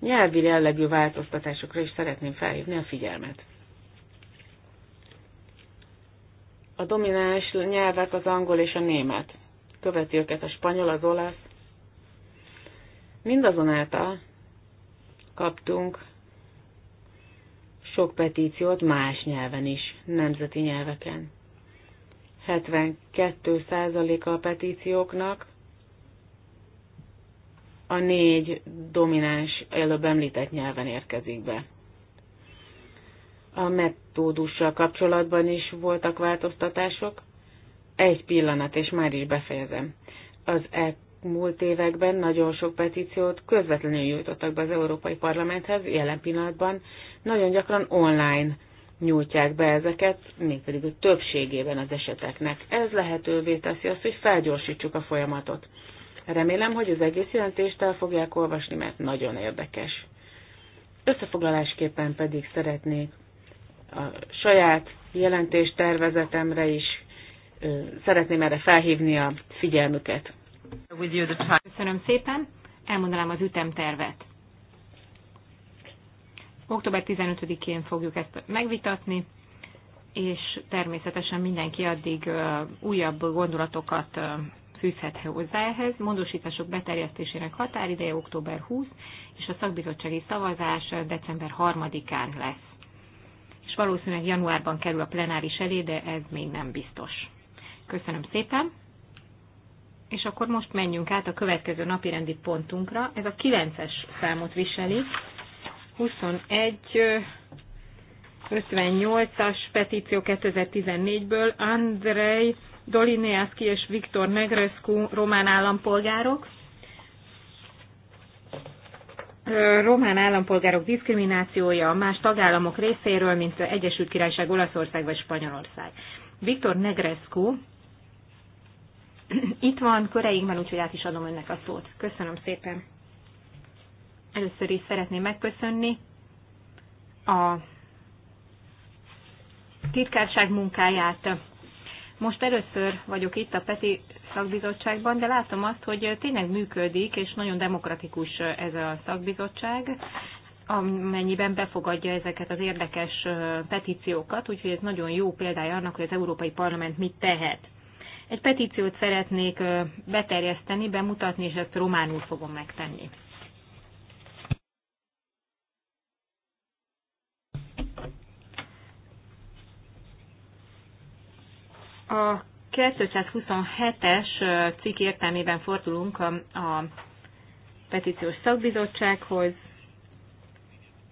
Nyelvi jellegű változtatásokra is szeretném felhívni a figyelmet. A domináns nyelvek az angol és a német. Követi őket a spanyol, az olasz. Mindazonáltal kaptunk sok petíciót más nyelven is, nemzeti nyelveken. 72%-a a petícióknak a négy domináns előbb említett nyelven érkezik be. A metódussal kapcsolatban is voltak változtatások. Egy pillanat, és már is befejezem. Az e elmúlt években nagyon sok petíciót közvetlenül nyújtottak be az Európai Parlamenthez, jelen pillanatban nagyon gyakran online nyújtják be ezeket, mégpedig a többségében az eseteknek. Ez lehetővé teszi azt, hogy felgyorsítsuk a folyamatot. Remélem, hogy az egész jelentést el fogják olvasni, mert nagyon érdekes. Összefoglalásképpen pedig szeretnék a saját jelentéstervezetemre is szeretném erre felhívni a figyelmüket. Köszönöm szépen. Elmondanám az ütemtervet. Október 15-én fogjuk ezt megvitatni, és természetesen mindenki addig újabb gondolatokat fűzhet hozzá ehhez. Módosítások beterjesztésének határideje október 20, és a szakbizottsági szavazás december 3-án lesz. És valószínűleg januárban kerül a plenáris elé, de ez még nem biztos. Köszönöm szépen! És akkor most menjünk át a következő napi rendi pontunkra. Ez a 9-es számot viseli. 21 58-as petíció 2014-ből Andrei Dolineaszki és Viktor Negrescu román állampolgárok. Román állampolgárok diszkriminációja más tagállamok részéről, mint Egyesült Királyság, Olaszország vagy Spanyolország. Viktor Negrescu itt van, köreinkben, úgyhogy át is adom önnek a szót. Köszönöm szépen. Először is szeretném megköszönni a titkárság munkáját. Most először vagyok itt a Peti szakbizottságban, de látom azt, hogy tényleg működik, és nagyon demokratikus ez a szakbizottság, amennyiben befogadja ezeket az érdekes petíciókat, úgyhogy ez nagyon jó példája annak, hogy az Európai Parlament mit tehet. Egy petíciót szeretnék beterjeszteni, bemutatni, és ezt románul fogom megtenni. A 227-es cikk értelmében fordulunk a, a petíciós szakbizottsághoz.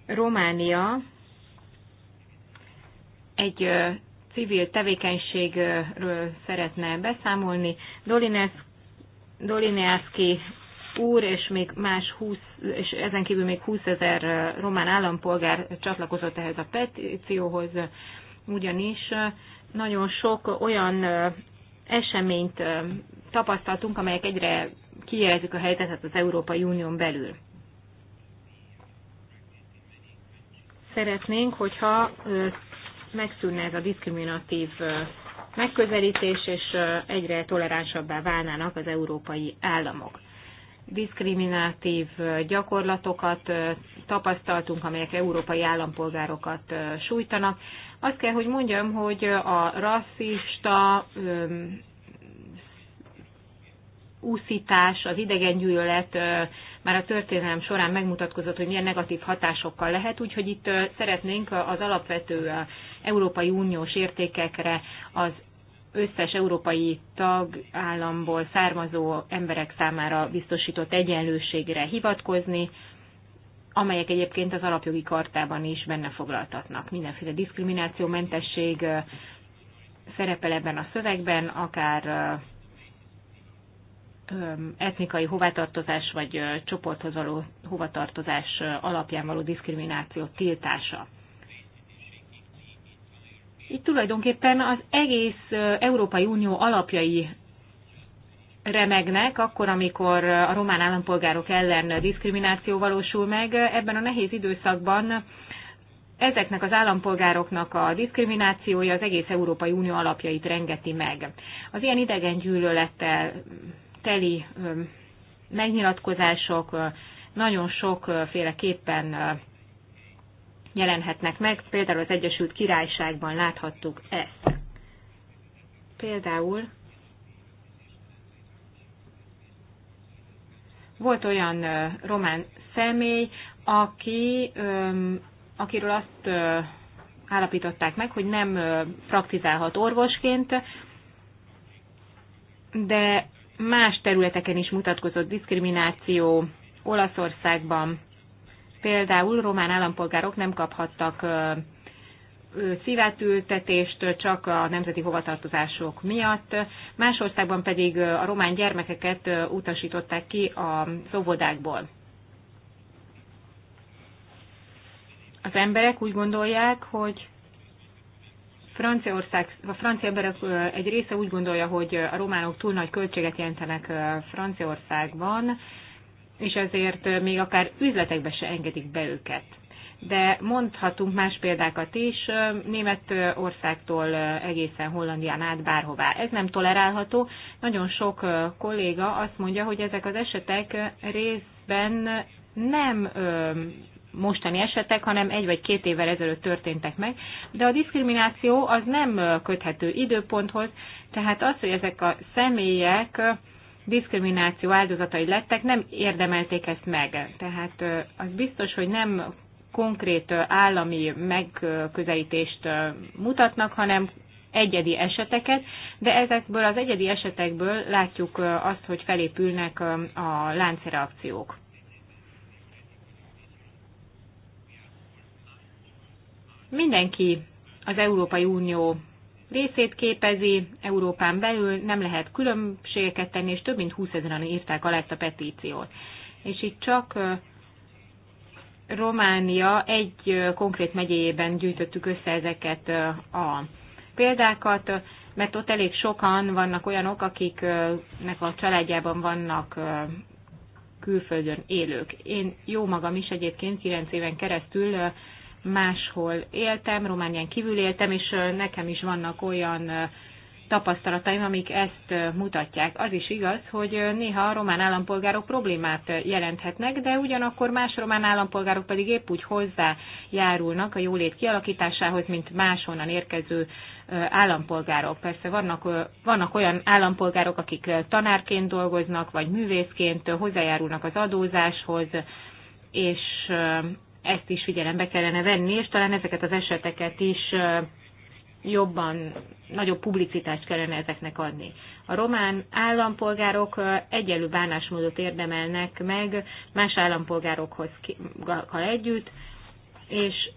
Románia egy civil tevékenységről szeretne beszámolni. Dolineászki úr, és még más 20, és ezen kívül még 20 ezer román állampolgár csatlakozott ehhez a petícióhoz, ugyanis nagyon sok olyan eseményt tapasztaltunk, amelyek egyre kijelzik a helyzetet az Európai Unión belül. Szeretnénk, hogyha megszűnne ez a diszkriminatív megközelítés, és egyre toleránsabbá válnának az európai államok. Diszkriminatív gyakorlatokat tapasztaltunk, amelyek európai állampolgárokat sújtanak. Azt kell, hogy mondjam, hogy a rasszista úszítás, az idegengyűlölet már a történelem során megmutatkozott, hogy milyen negatív hatásokkal lehet, úgyhogy itt szeretnénk az alapvető Európai Uniós értékekre az összes európai tagállamból származó emberek számára biztosított egyenlőségre hivatkozni, amelyek egyébként az alapjogi kartában is benne foglaltatnak. Mindenféle diszkriminációmentesség szerepel ebben a szövegben, akár etnikai hovatartozás vagy csoporthoz való hovatartozás alapján való diszkrimináció tiltása. Itt tulajdonképpen az egész Európai Unió alapjai remegnek, akkor, amikor a román állampolgárok ellen diszkrimináció valósul meg, ebben a nehéz időszakban ezeknek az állampolgároknak a diszkriminációja az egész Európai Unió alapjait rengeti meg. Az ilyen idegen gyűlölettel teli megnyilatkozások nagyon sokféleképpen jelenhetnek meg. Például az Egyesült Királyságban láthattuk ezt. Például volt olyan román személy, aki, akiről azt állapították meg, hogy nem praktizálhat orvosként, de más területeken is mutatkozott diszkrimináció Olaszországban. Például román állampolgárok nem kaphattak szívátültetést csak a nemzeti hovatartozások miatt. Más országban pedig a román gyermekeket utasították ki a szobodákból. Az emberek úgy gondolják, hogy Franciaország, a francia emberek egy része úgy gondolja, hogy a románok túl nagy költséget jelentenek Franciaországban, és ezért még akár üzletekbe se engedik be őket. De mondhatunk más példákat is, Németországtól egészen Hollandián át bárhová. Ez nem tolerálható. Nagyon sok kolléga azt mondja, hogy ezek az esetek részben nem mostani esetek, hanem egy vagy két évvel ezelőtt történtek meg, de a diszkrimináció az nem köthető időponthoz, tehát az, hogy ezek a személyek diszkrimináció áldozatai lettek, nem érdemelték ezt meg. Tehát az biztos, hogy nem konkrét állami megközelítést mutatnak, hanem egyedi eseteket, de ezekből az egyedi esetekből látjuk azt, hogy felépülnek a láncreakciók. Mindenki az Európai Unió részét képezi, Európán belül nem lehet különbségeket tenni, és több mint 20 ezeren írták alá ezt a petíciót. És itt csak Románia egy konkrét megyéjében gyűjtöttük össze ezeket a példákat, mert ott elég sokan vannak olyanok, akiknek a családjában vannak külföldön élők. Én jó magam is egyébként 9 éven keresztül máshol éltem, Románián kívül éltem, és nekem is vannak olyan tapasztalataim, amik ezt mutatják. Az is igaz, hogy néha a román állampolgárok problémát jelenthetnek, de ugyanakkor más román állampolgárok pedig épp úgy hozzájárulnak a jólét kialakításához, mint máshonnan érkező állampolgárok. Persze vannak, vannak olyan állampolgárok, akik tanárként dolgoznak, vagy művészként hozzájárulnak az adózáshoz, és ezt is figyelembe kellene venni, és talán ezeket az eseteket is jobban, nagyobb publicitást kellene ezeknek adni. A román állampolgárok egyenlő bánásmódot érdemelnek meg más állampolgárokhoz együtt, és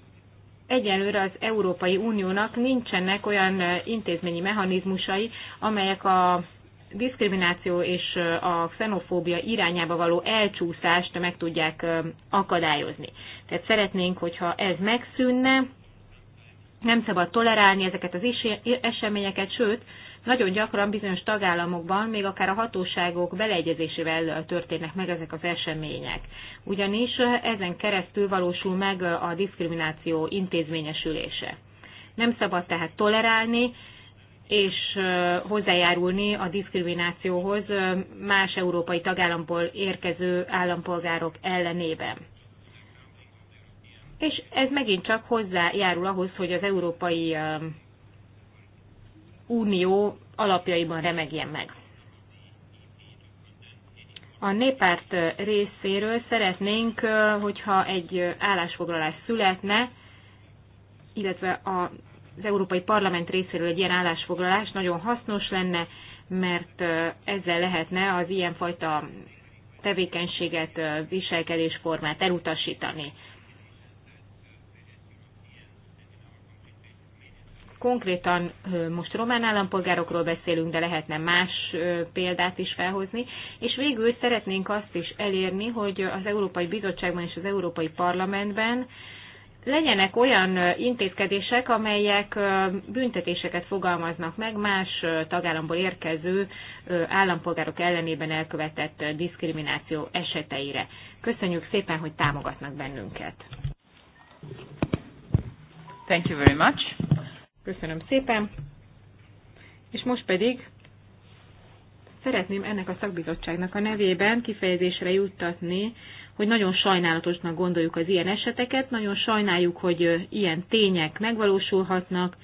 egyelőre az Európai Uniónak nincsenek olyan intézményi mechanizmusai, amelyek a diszkrimináció és a xenofóbia irányába való elcsúszást meg tudják akadályozni. Tehát szeretnénk, hogyha ez megszűnne, nem szabad tolerálni ezeket az eseményeket, sőt, nagyon gyakran bizonyos tagállamokban még akár a hatóságok beleegyezésével történnek meg ezek az események. Ugyanis ezen keresztül valósul meg a diszkrimináció intézményesülése. Nem szabad tehát tolerálni, és hozzájárulni a diszkriminációhoz más európai tagállamból érkező állampolgárok ellenében. És ez megint csak hozzájárul ahhoz, hogy az Európai Unió alapjaiban remegjen meg. A néppárt részéről szeretnénk, hogyha egy állásfoglalás születne, illetve a az Európai Parlament részéről egy ilyen állásfoglalás nagyon hasznos lenne, mert ezzel lehetne az ilyenfajta tevékenységet, viselkedésformát elutasítani. Konkrétan most román állampolgárokról beszélünk, de lehetne más példát is felhozni, és végül szeretnénk azt is elérni, hogy az Európai Bizottságban és az Európai Parlamentben legyenek olyan intézkedések, amelyek büntetéseket fogalmaznak meg más tagállamból érkező állampolgárok ellenében elkövetett diszkrimináció eseteire. Köszönjük szépen, hogy támogatnak bennünket. Thank you very much. Köszönöm szépen. És most pedig szeretném ennek a szakbizottságnak a nevében kifejezésre juttatni hogy nagyon sajnálatosnak gondoljuk az ilyen eseteket, nagyon sajnáljuk, hogy ilyen tények megvalósulhatnak,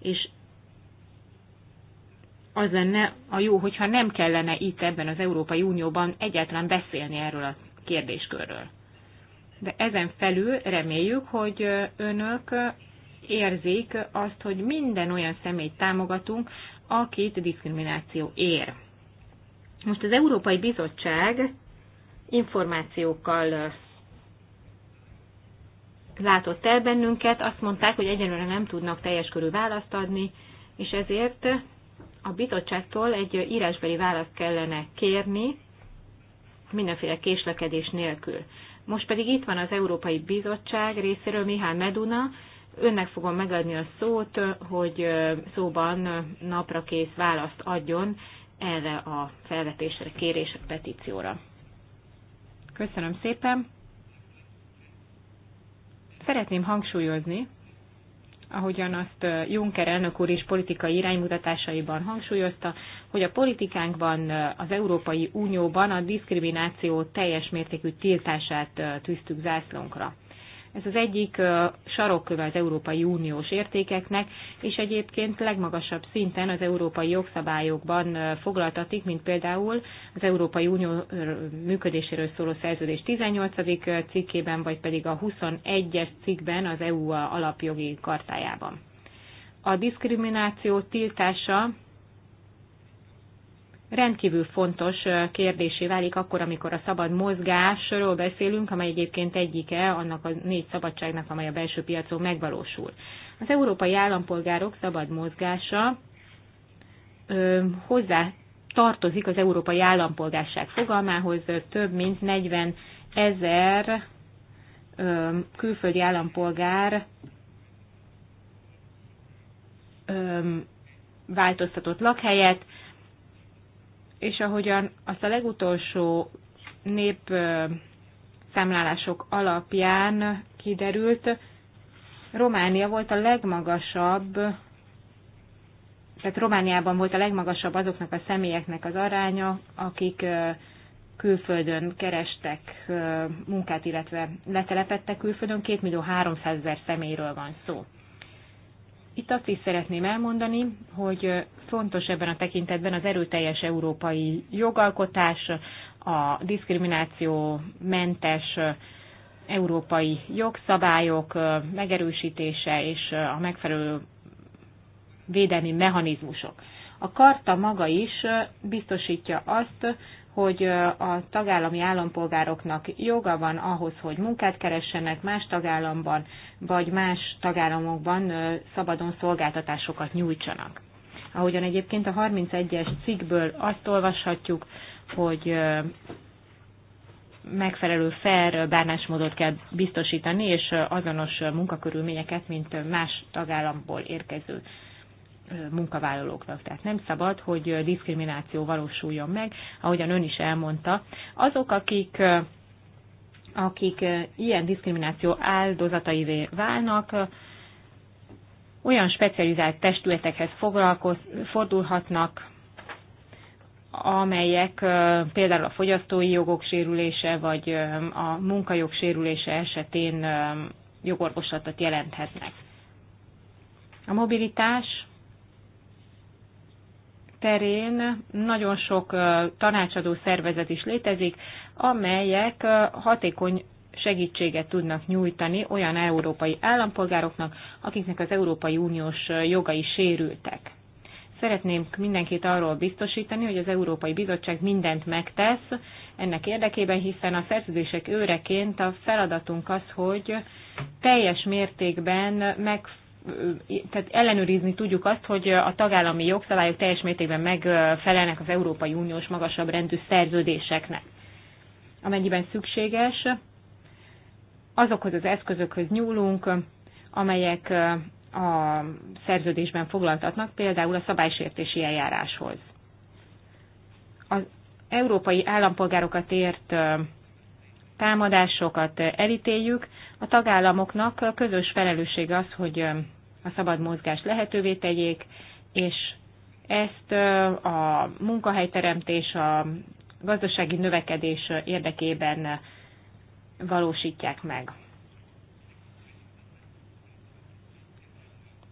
és az lenne a jó, hogyha nem kellene itt ebben az Európai Unióban egyáltalán beszélni erről a kérdéskörről. De ezen felül reméljük, hogy önök érzik azt, hogy minden olyan személyt támogatunk, akit diszkrimináció ér. Most az Európai Bizottság információkkal látott el bennünket, azt mondták, hogy egyelőre nem tudnak teljes körű választ adni, és ezért a bizottságtól egy írásbeli választ kellene kérni, mindenféle késlekedés nélkül. Most pedig itt van az Európai Bizottság részéről Mihály Meduna, önnek fogom megadni a szót, hogy szóban napra kész választ adjon erre a felvetésre, kérésre, petícióra. Köszönöm szépen. Szeretném hangsúlyozni, ahogyan azt Juncker elnök úr is politikai iránymutatásaiban hangsúlyozta, hogy a politikánkban, az Európai Unióban a diszkrimináció teljes mértékű tiltását tűztük zászlónkra. Ez az egyik sarokköve az Európai Uniós értékeknek, és egyébként legmagasabb szinten az európai jogszabályokban foglaltatik, mint például az Európai Unió működéséről szóló szerződés 18. cikkében, vagy pedig a 21-es cikkben az EU alapjogi kartájában. A diszkrimináció tiltása rendkívül fontos kérdésé válik akkor, amikor a szabad mozgásról beszélünk, amely egyébként egyike annak a négy szabadságnak, amely a belső piacon megvalósul. Az európai állampolgárok szabad mozgása ö, hozzá tartozik az európai állampolgárság fogalmához több mint 40 ezer külföldi állampolgár változtatott lakhelyet, és ahogyan azt a legutolsó nép számlálások alapján kiderült, Románia volt a legmagasabb, tehát Romániában volt a legmagasabb azoknak a személyeknek az aránya, akik külföldön kerestek munkát, illetve letelepettek külföldön, 2 millió 300 ezer személyről van szó. Itt azt is szeretném elmondani, hogy fontos ebben a tekintetben az erőteljes európai jogalkotás, a diszkrimináció mentes európai jogszabályok megerősítése és a megfelelő védelmi mechanizmusok. A karta maga is biztosítja azt, hogy a tagállami állampolgároknak joga van ahhoz, hogy munkát keressenek más tagállamban, vagy más tagállamokban szabadon szolgáltatásokat nyújtsanak. Ahogyan egyébként a 31-es cikkből azt olvashatjuk, hogy megfelelő fair bánásmódot kell biztosítani, és azonos munkakörülményeket, mint más tagállamból érkező munkavállalóknak. Tehát nem szabad, hogy diszkrimináció valósuljon meg, ahogyan ön is elmondta. Azok, akik akik ilyen diszkrimináció áldozataivé válnak, olyan specializált testületekhez fordulhatnak, amelyek például a fogyasztói jogok sérülése vagy a munkajog sérülése esetén jogorvoslatot jelenthetnek. A mobilitás terén nagyon sok tanácsadó szervezet is létezik, amelyek hatékony segítséget tudnak nyújtani olyan európai állampolgároknak, akiknek az Európai Uniós jogai sérültek. Szeretném mindenkit arról biztosítani, hogy az Európai Bizottság mindent megtesz ennek érdekében, hiszen a szerződések őreként a feladatunk az, hogy teljes mértékben megfelelően tehát ellenőrizni tudjuk azt, hogy a tagállami jogszabályok teljes mértékben megfelelnek az Európai Uniós magasabb rendű szerződéseknek. Amennyiben szükséges, azokhoz az eszközökhöz nyúlunk, amelyek a szerződésben foglaltatnak, például a szabálysértési eljáráshoz. Az európai állampolgárokat ért támadásokat elítéljük, a tagállamoknak közös felelősség az, hogy a szabad mozgást lehetővé tegyék, és ezt a munkahelyteremtés, a gazdasági növekedés érdekében valósítják meg.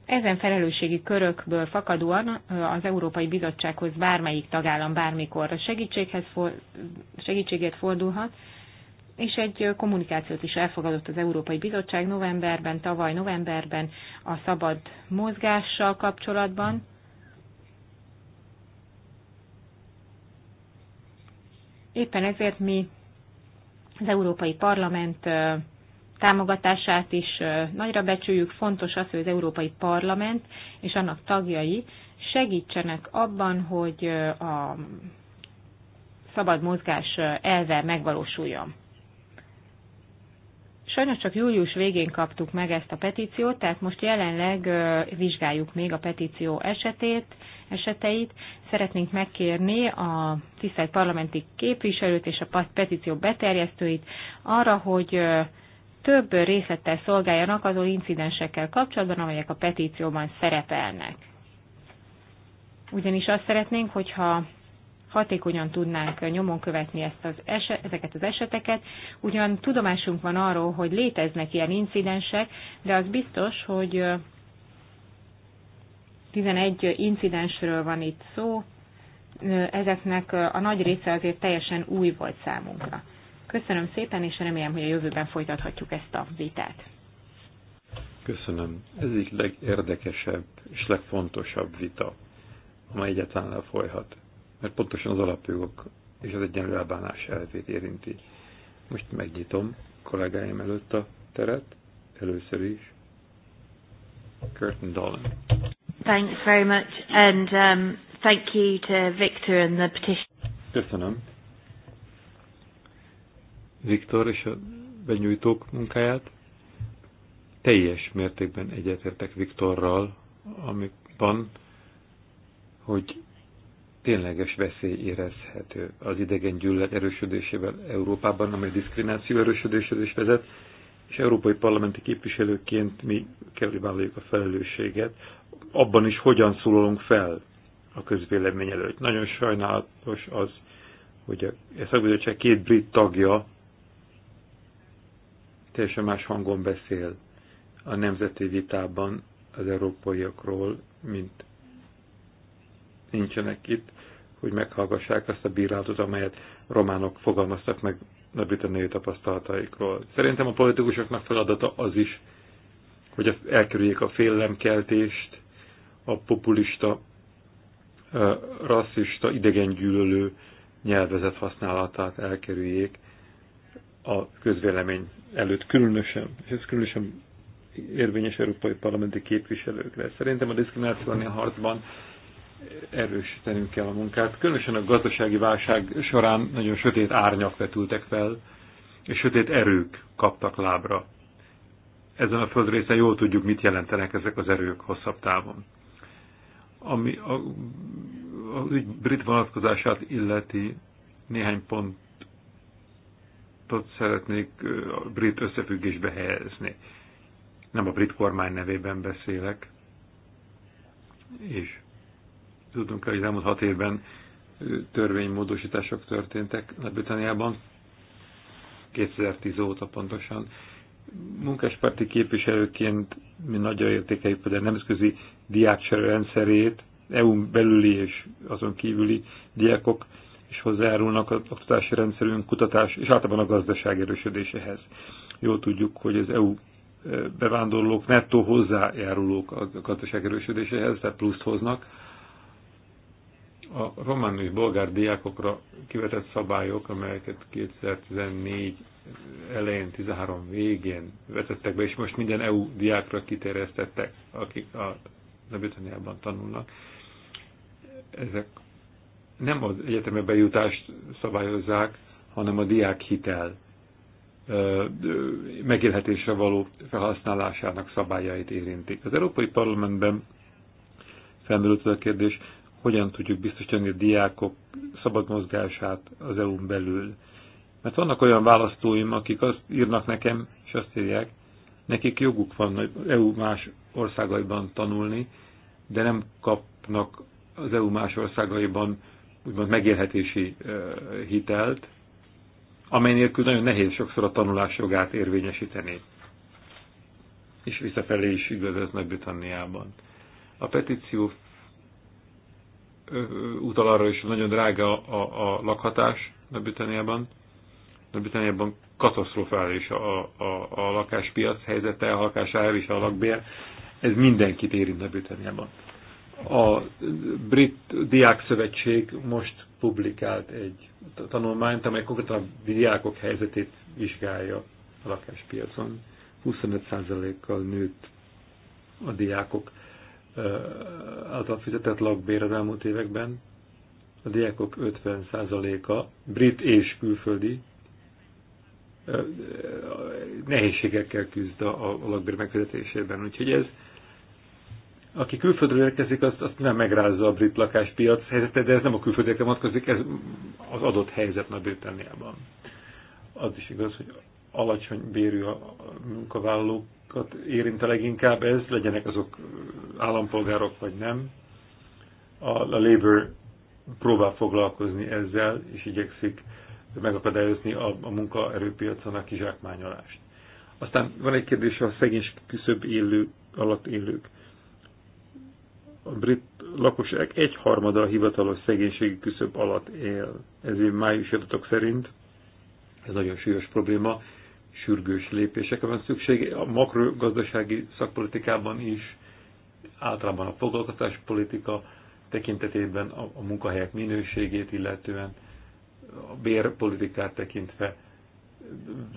Ezen felelősségi körökből fakadóan az Európai Bizottsághoz bármelyik tagállam bármikor segítséghez for, segítséget fordulhat, és egy kommunikációt is elfogadott az Európai Bizottság novemberben, tavaly novemberben a szabad mozgással kapcsolatban. Éppen ezért mi az Európai Parlament támogatását is nagyra becsüljük. Fontos az, hogy az Európai Parlament és annak tagjai segítsenek abban, hogy a szabad mozgás elve megvalósuljon. Sajnos csak július végén kaptuk meg ezt a petíciót, tehát most jelenleg vizsgáljuk még a petíció esetét, eseteit. Szeretnénk megkérni a tisztelt parlamenti képviselőt és a petíció beterjesztőit arra, hogy több részlettel szolgáljanak azon incidensekkel kapcsolatban, amelyek a petícióban szerepelnek. Ugyanis azt szeretnénk, hogyha hatékonyan tudnánk nyomon követni ezt az eset, ezeket az eseteket. Ugyan tudomásunk van arról, hogy léteznek ilyen incidensek, de az biztos, hogy 11 incidensről van itt szó, ezeknek a nagy része azért teljesen új volt számunkra. Köszönöm szépen, és remélem, hogy a jövőben folytathatjuk ezt a vitát. Köszönöm. Ez így legérdekesebb és legfontosabb vita, amely egyáltalán lefolyhat mert pontosan az alapjogok és az egyenlő elbánás elvét érinti. Most megnyitom kollégáim előtt a teret, először is. Curtin Dolan. Thanks very much, and um, thank you to Victor and the petition. Köszönöm. Viktor és a benyújtók munkáját. Teljes mértékben egyetértek Viktorral, amikban, hogy tényleges veszély érezhető az idegen gyűlölet erősödésével Európában, amely diszkrimináció is vezet, és európai parlamenti képviselőként mi kell, vállaljuk a felelősséget, abban is hogyan szólalunk fel a közvélemény előtt. Nagyon sajnálatos az, hogy a szakbizottság két brit tagja teljesen más hangon beszél a nemzeti vitában az európaiakról, mint nincsenek itt hogy meghallgassák azt a bírálatot, amelyet románok fogalmaztak meg a britanniai tapasztalataikról. Szerintem a politikusoknak feladata az is, hogy elkerüljék a félelemkeltést, a populista, rasszista, idegengyűlölő nyelvezet használatát elkerüljék a közvélemény előtt, különösen, és ez különösen érvényes európai parlamenti képviselőkre. Szerintem a diszkrimináció harcban erősítenünk kell a munkát. Különösen a gazdasági válság során nagyon sötét árnyak vetültek fel, és sötét erők kaptak lábra. Ezen a földrészen jól tudjuk, mit jelentenek ezek az erők hosszabb távon. Ami a, a, a brit vonatkozását illeti, néhány pontot szeretnék a brit összefüggésbe helyezni. Nem a brit kormány nevében beszélek, és tudunk kell, hogy az elmúlt hat évben törvénymódosítások történtek Nagy-Britanniában, 2010 óta pontosan. Munkáspárti képviselőként mi nagyra értékeljük például a nemzetközi diákcsere rendszerét, EU-n belüli és azon kívüli diákok is hozzájárulnak az oktatási rendszerünk, kutatás és általában a gazdaság erősödéséhez. Jól tudjuk, hogy az EU bevándorlók nettó hozzájárulók a gazdaság erősödéséhez, tehát pluszt hoznak a román és bolgár diákokra kivetett szabályok, amelyeket 2014 elején, 13 végén vetettek be, és most minden EU diákra kiterjesztettek, akik a Nagy-Britanniában tanulnak, ezek nem az egyetemi bejutást szabályozzák, hanem a diák hitel megélhetésre való felhasználásának szabályait érintik. Az Európai Parlamentben felmerült a kérdés, hogyan tudjuk biztosítani a diákok szabad mozgását az EU-n belül. Mert vannak olyan választóim, akik azt írnak nekem, és azt írják, nekik joguk van hogy e EU más országaiban tanulni, de nem kapnak az EU más országaiban úgymond megélhetési hitelt, amely nélkül nagyon nehéz sokszor a tanulás jogát érvényesíteni. És visszafelé is igaz ez Nagy-Britanniában. A petíció utal arra is, hogy nagyon drága a, a lakhatás Nagy-Britanniában. Nagy-Britanniában katasztrofális a, a, a lakáspiac helyzete, a lakásár és a lakbér. Ez mindenkit érint Nagy-Britanniában. A Brit Diák Szövetség most publikált egy tanulmányt, amely konkrétan a diákok helyzetét vizsgálja a lakáspiacon. 25%-kal nőtt a diákok által fizetett lakbér az elmúlt években. A diákok 50%-a brit és külföldi nehézségekkel küzd a lakbér megfizetésében. Úgyhogy ez, aki külföldről érkezik, azt, azt nem megrázza a brit lakáspiac helyzetet, de ez nem a külföldiekre vonatkozik, ez az adott helyzet Nagy-Britanniában. Az is igaz, hogy alacsony bérű a munkavállalók azokat érint a leginkább ez, legyenek azok állampolgárok vagy nem. A, a Labour próbál foglalkozni ezzel, és igyekszik megakadályozni a, a munkaerőpiacon a kizsákmányolást. Aztán van egy kérdés a szegénység küszöbb élő, alatt élők. A brit lakosság egyharmada a hivatalos szegénységi küszöb alatt él. Ez május adatok szerint, ez nagyon súlyos probléma, sürgős lépésekre van szükség a makrogazdasági szakpolitikában is, általában a politika tekintetében a, a munkahelyek minőségét illetően, a bérpolitikát tekintve,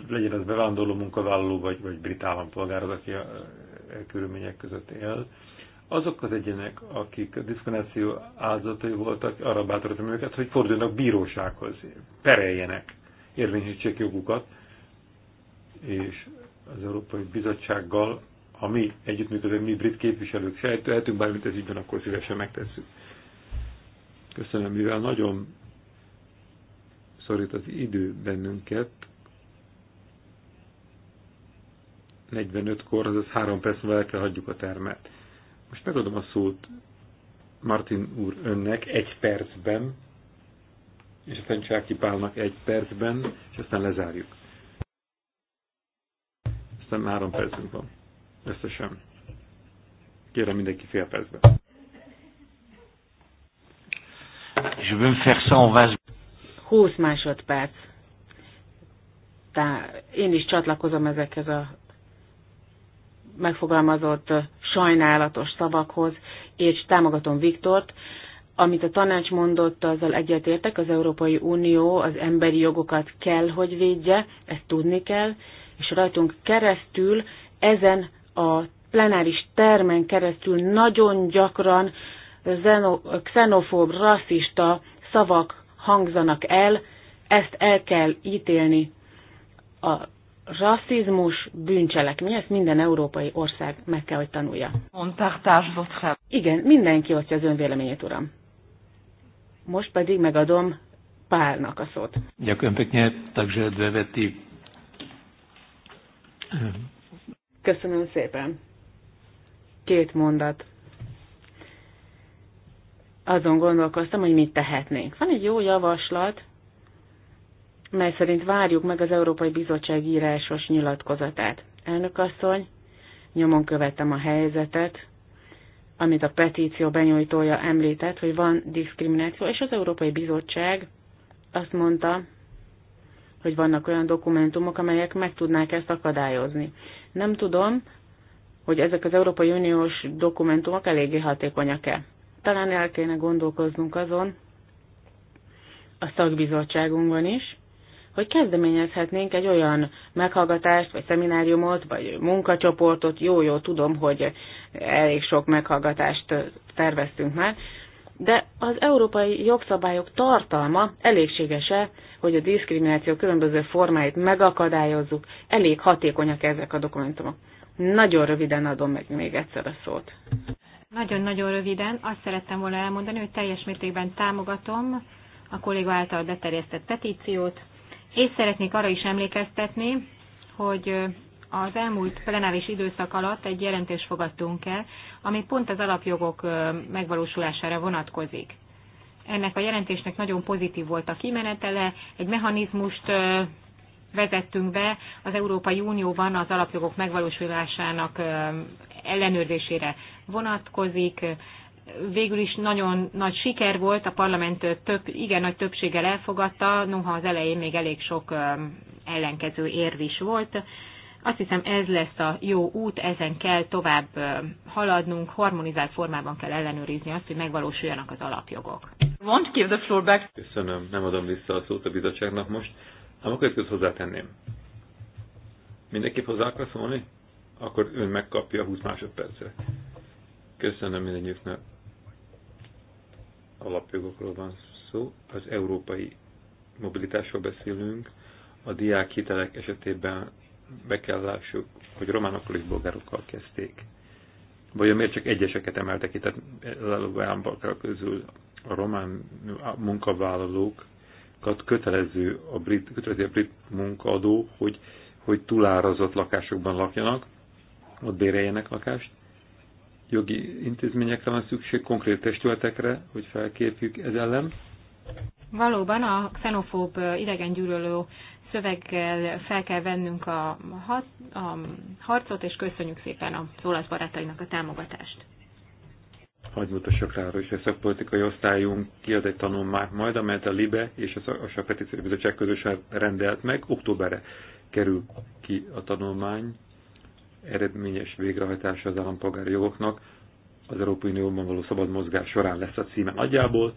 legyen az bevándorló munkavállaló vagy, vagy brit állampolgár az, aki a, a e körülmények között él. Azok az egyenek, akik a diszkonáció áldozatai voltak, arra bátorítom őket, hogy forduljanak bírósághoz, pereljenek, érvényítsék jogukat, és az Európai Bizottsággal, ami együttműködő, mi brit képviselők sejtőhetünk, bármit ez ígyben, akkor szívesen megtesszük. Köszönöm, mivel nagyon szorít az idő bennünket, 45-kor, azaz három perc múlva el kell hagyjuk a termet. Most megadom a szót Martin úr önnek egy percben, és aztán Csáki Pálnak egy percben, és aztán lezárjuk hiszem három percünk van. Összesen. Kérem mindenki fél percben. Je veux me faire ça en vase. 20 másodperc. Tá, én is csatlakozom ezekhez a megfogalmazott sajnálatos szavakhoz, és támogatom Viktort. Amit a tanács mondott, azzal egyetértek, az Európai Unió az emberi jogokat kell, hogy védje, ezt tudni kell, és rajtunk keresztül ezen a plenáris termen keresztül nagyon gyakran xenofób, rasszista szavak hangzanak el, ezt el kell ítélni. A rasszizmus bűncselekmény, ezt minden európai ország meg kell, hogy tanulja. Igen, mindenki osztja az önvéleményét, uram. Most pedig megadom Pálnak a szót. Ďakujem pekne, takže dve vety Köszönöm szépen. Két mondat. Azon gondolkoztam, hogy mit tehetnénk. Van egy jó javaslat, mely szerint várjuk meg az Európai Bizottság írásos nyilatkozatát. Elnök asszony, nyomon követtem a helyzetet, amit a petíció benyújtója említett, hogy van diszkrimináció, és az Európai Bizottság azt mondta, hogy vannak olyan dokumentumok, amelyek meg tudnák ezt akadályozni. Nem tudom, hogy ezek az Európai Uniós dokumentumok eléggé hatékonyak-e. Talán el kéne gondolkoznunk azon, a szakbizottságunkban is, hogy kezdeményezhetnénk egy olyan meghallgatást, vagy szemináriumot, vagy munkacsoportot, jó-jó, tudom, hogy elég sok meghallgatást terveztünk már, de az európai jogszabályok tartalma elégséges-e, hogy a diszkrimináció különböző formáit megakadályozzuk, elég hatékonyak ezek a dokumentumok. Nagyon röviden adom meg még egyszer a szót. Nagyon-nagyon röviden azt szerettem volna elmondani, hogy teljes mértékben támogatom a kolléga által beterjesztett petíciót, és szeretnék arra is emlékeztetni, hogy az elmúlt plenáris időszak alatt egy jelentést fogadtunk el, ami pont az alapjogok megvalósulására vonatkozik. Ennek a jelentésnek nagyon pozitív volt a kimenetele, egy mechanizmust vezettünk be az Európai Unióban az alapjogok megvalósulásának ellenőrzésére vonatkozik. Végül is nagyon nagy siker volt, a parlament több, igen nagy többséggel elfogadta, noha az elején még elég sok ellenkező érv is volt. Azt hiszem ez lesz a jó út, ezen kell tovább haladnunk, harmonizált formában kell ellenőrizni azt, hogy megvalósuljanak az alapjogok. give the floor back. Köszönöm, nem adom vissza a szót a bizottságnak most. Ám akkor ezt hozzátenném. Mindenképp hozzá akar szólni? Akkor ön megkapja 20 másodpercre. Köszönöm mindennyiüknek. Alapjogokról van szó. Az európai mobilitásról beszélünk. A diák hitelek esetében be kell lássuk, hogy románokkal és bolgárokkal kezdték. Vajon miért csak egyeseket emeltek ki, tehát elálló eh, állampolgárok közül a román munkavállalókat kötelező a brit, kötelező a brit munkaadó, hogy, hogy túlárazott lakásokban lakjanak, ott béreljenek lakást. Jogi intézményekre van szükség, konkrét testületekre, hogy felképjük ez ellen. Valóban a xenofób eh, idegengyűlölő szöveggel fel kell vennünk a, hat, a harcot, és köszönjük szépen a olasz barátainak a támogatást. Hagy mutassak rá, hogy a szakpolitikai osztályunk kiad egy tanulmányt majd, amelyet a LIBE és a, a Petíciós Bizottság közösen rendelt meg. Októberre kerül ki a tanulmány eredményes végrehajtása az állampolgári jogoknak az Európai Unióban való szabad mozgás során lesz a címe nagyjából.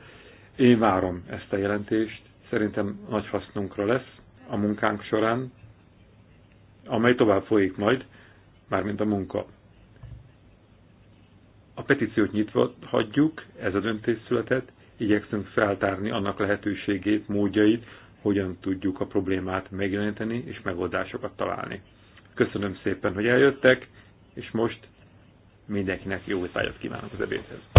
Én várom ezt a jelentést, szerintem nagy hasznunkra lesz, a munkánk során, amely tovább folyik majd, mármint a munka. A petíciót nyitva hagyjuk, ez a döntés született, igyekszünk feltárni annak lehetőségét, módjait, hogyan tudjuk a problémát megjeleníteni és megoldásokat találni. Köszönöm szépen, hogy eljöttek, és most mindenkinek jó utájat kívánok az ebédhez.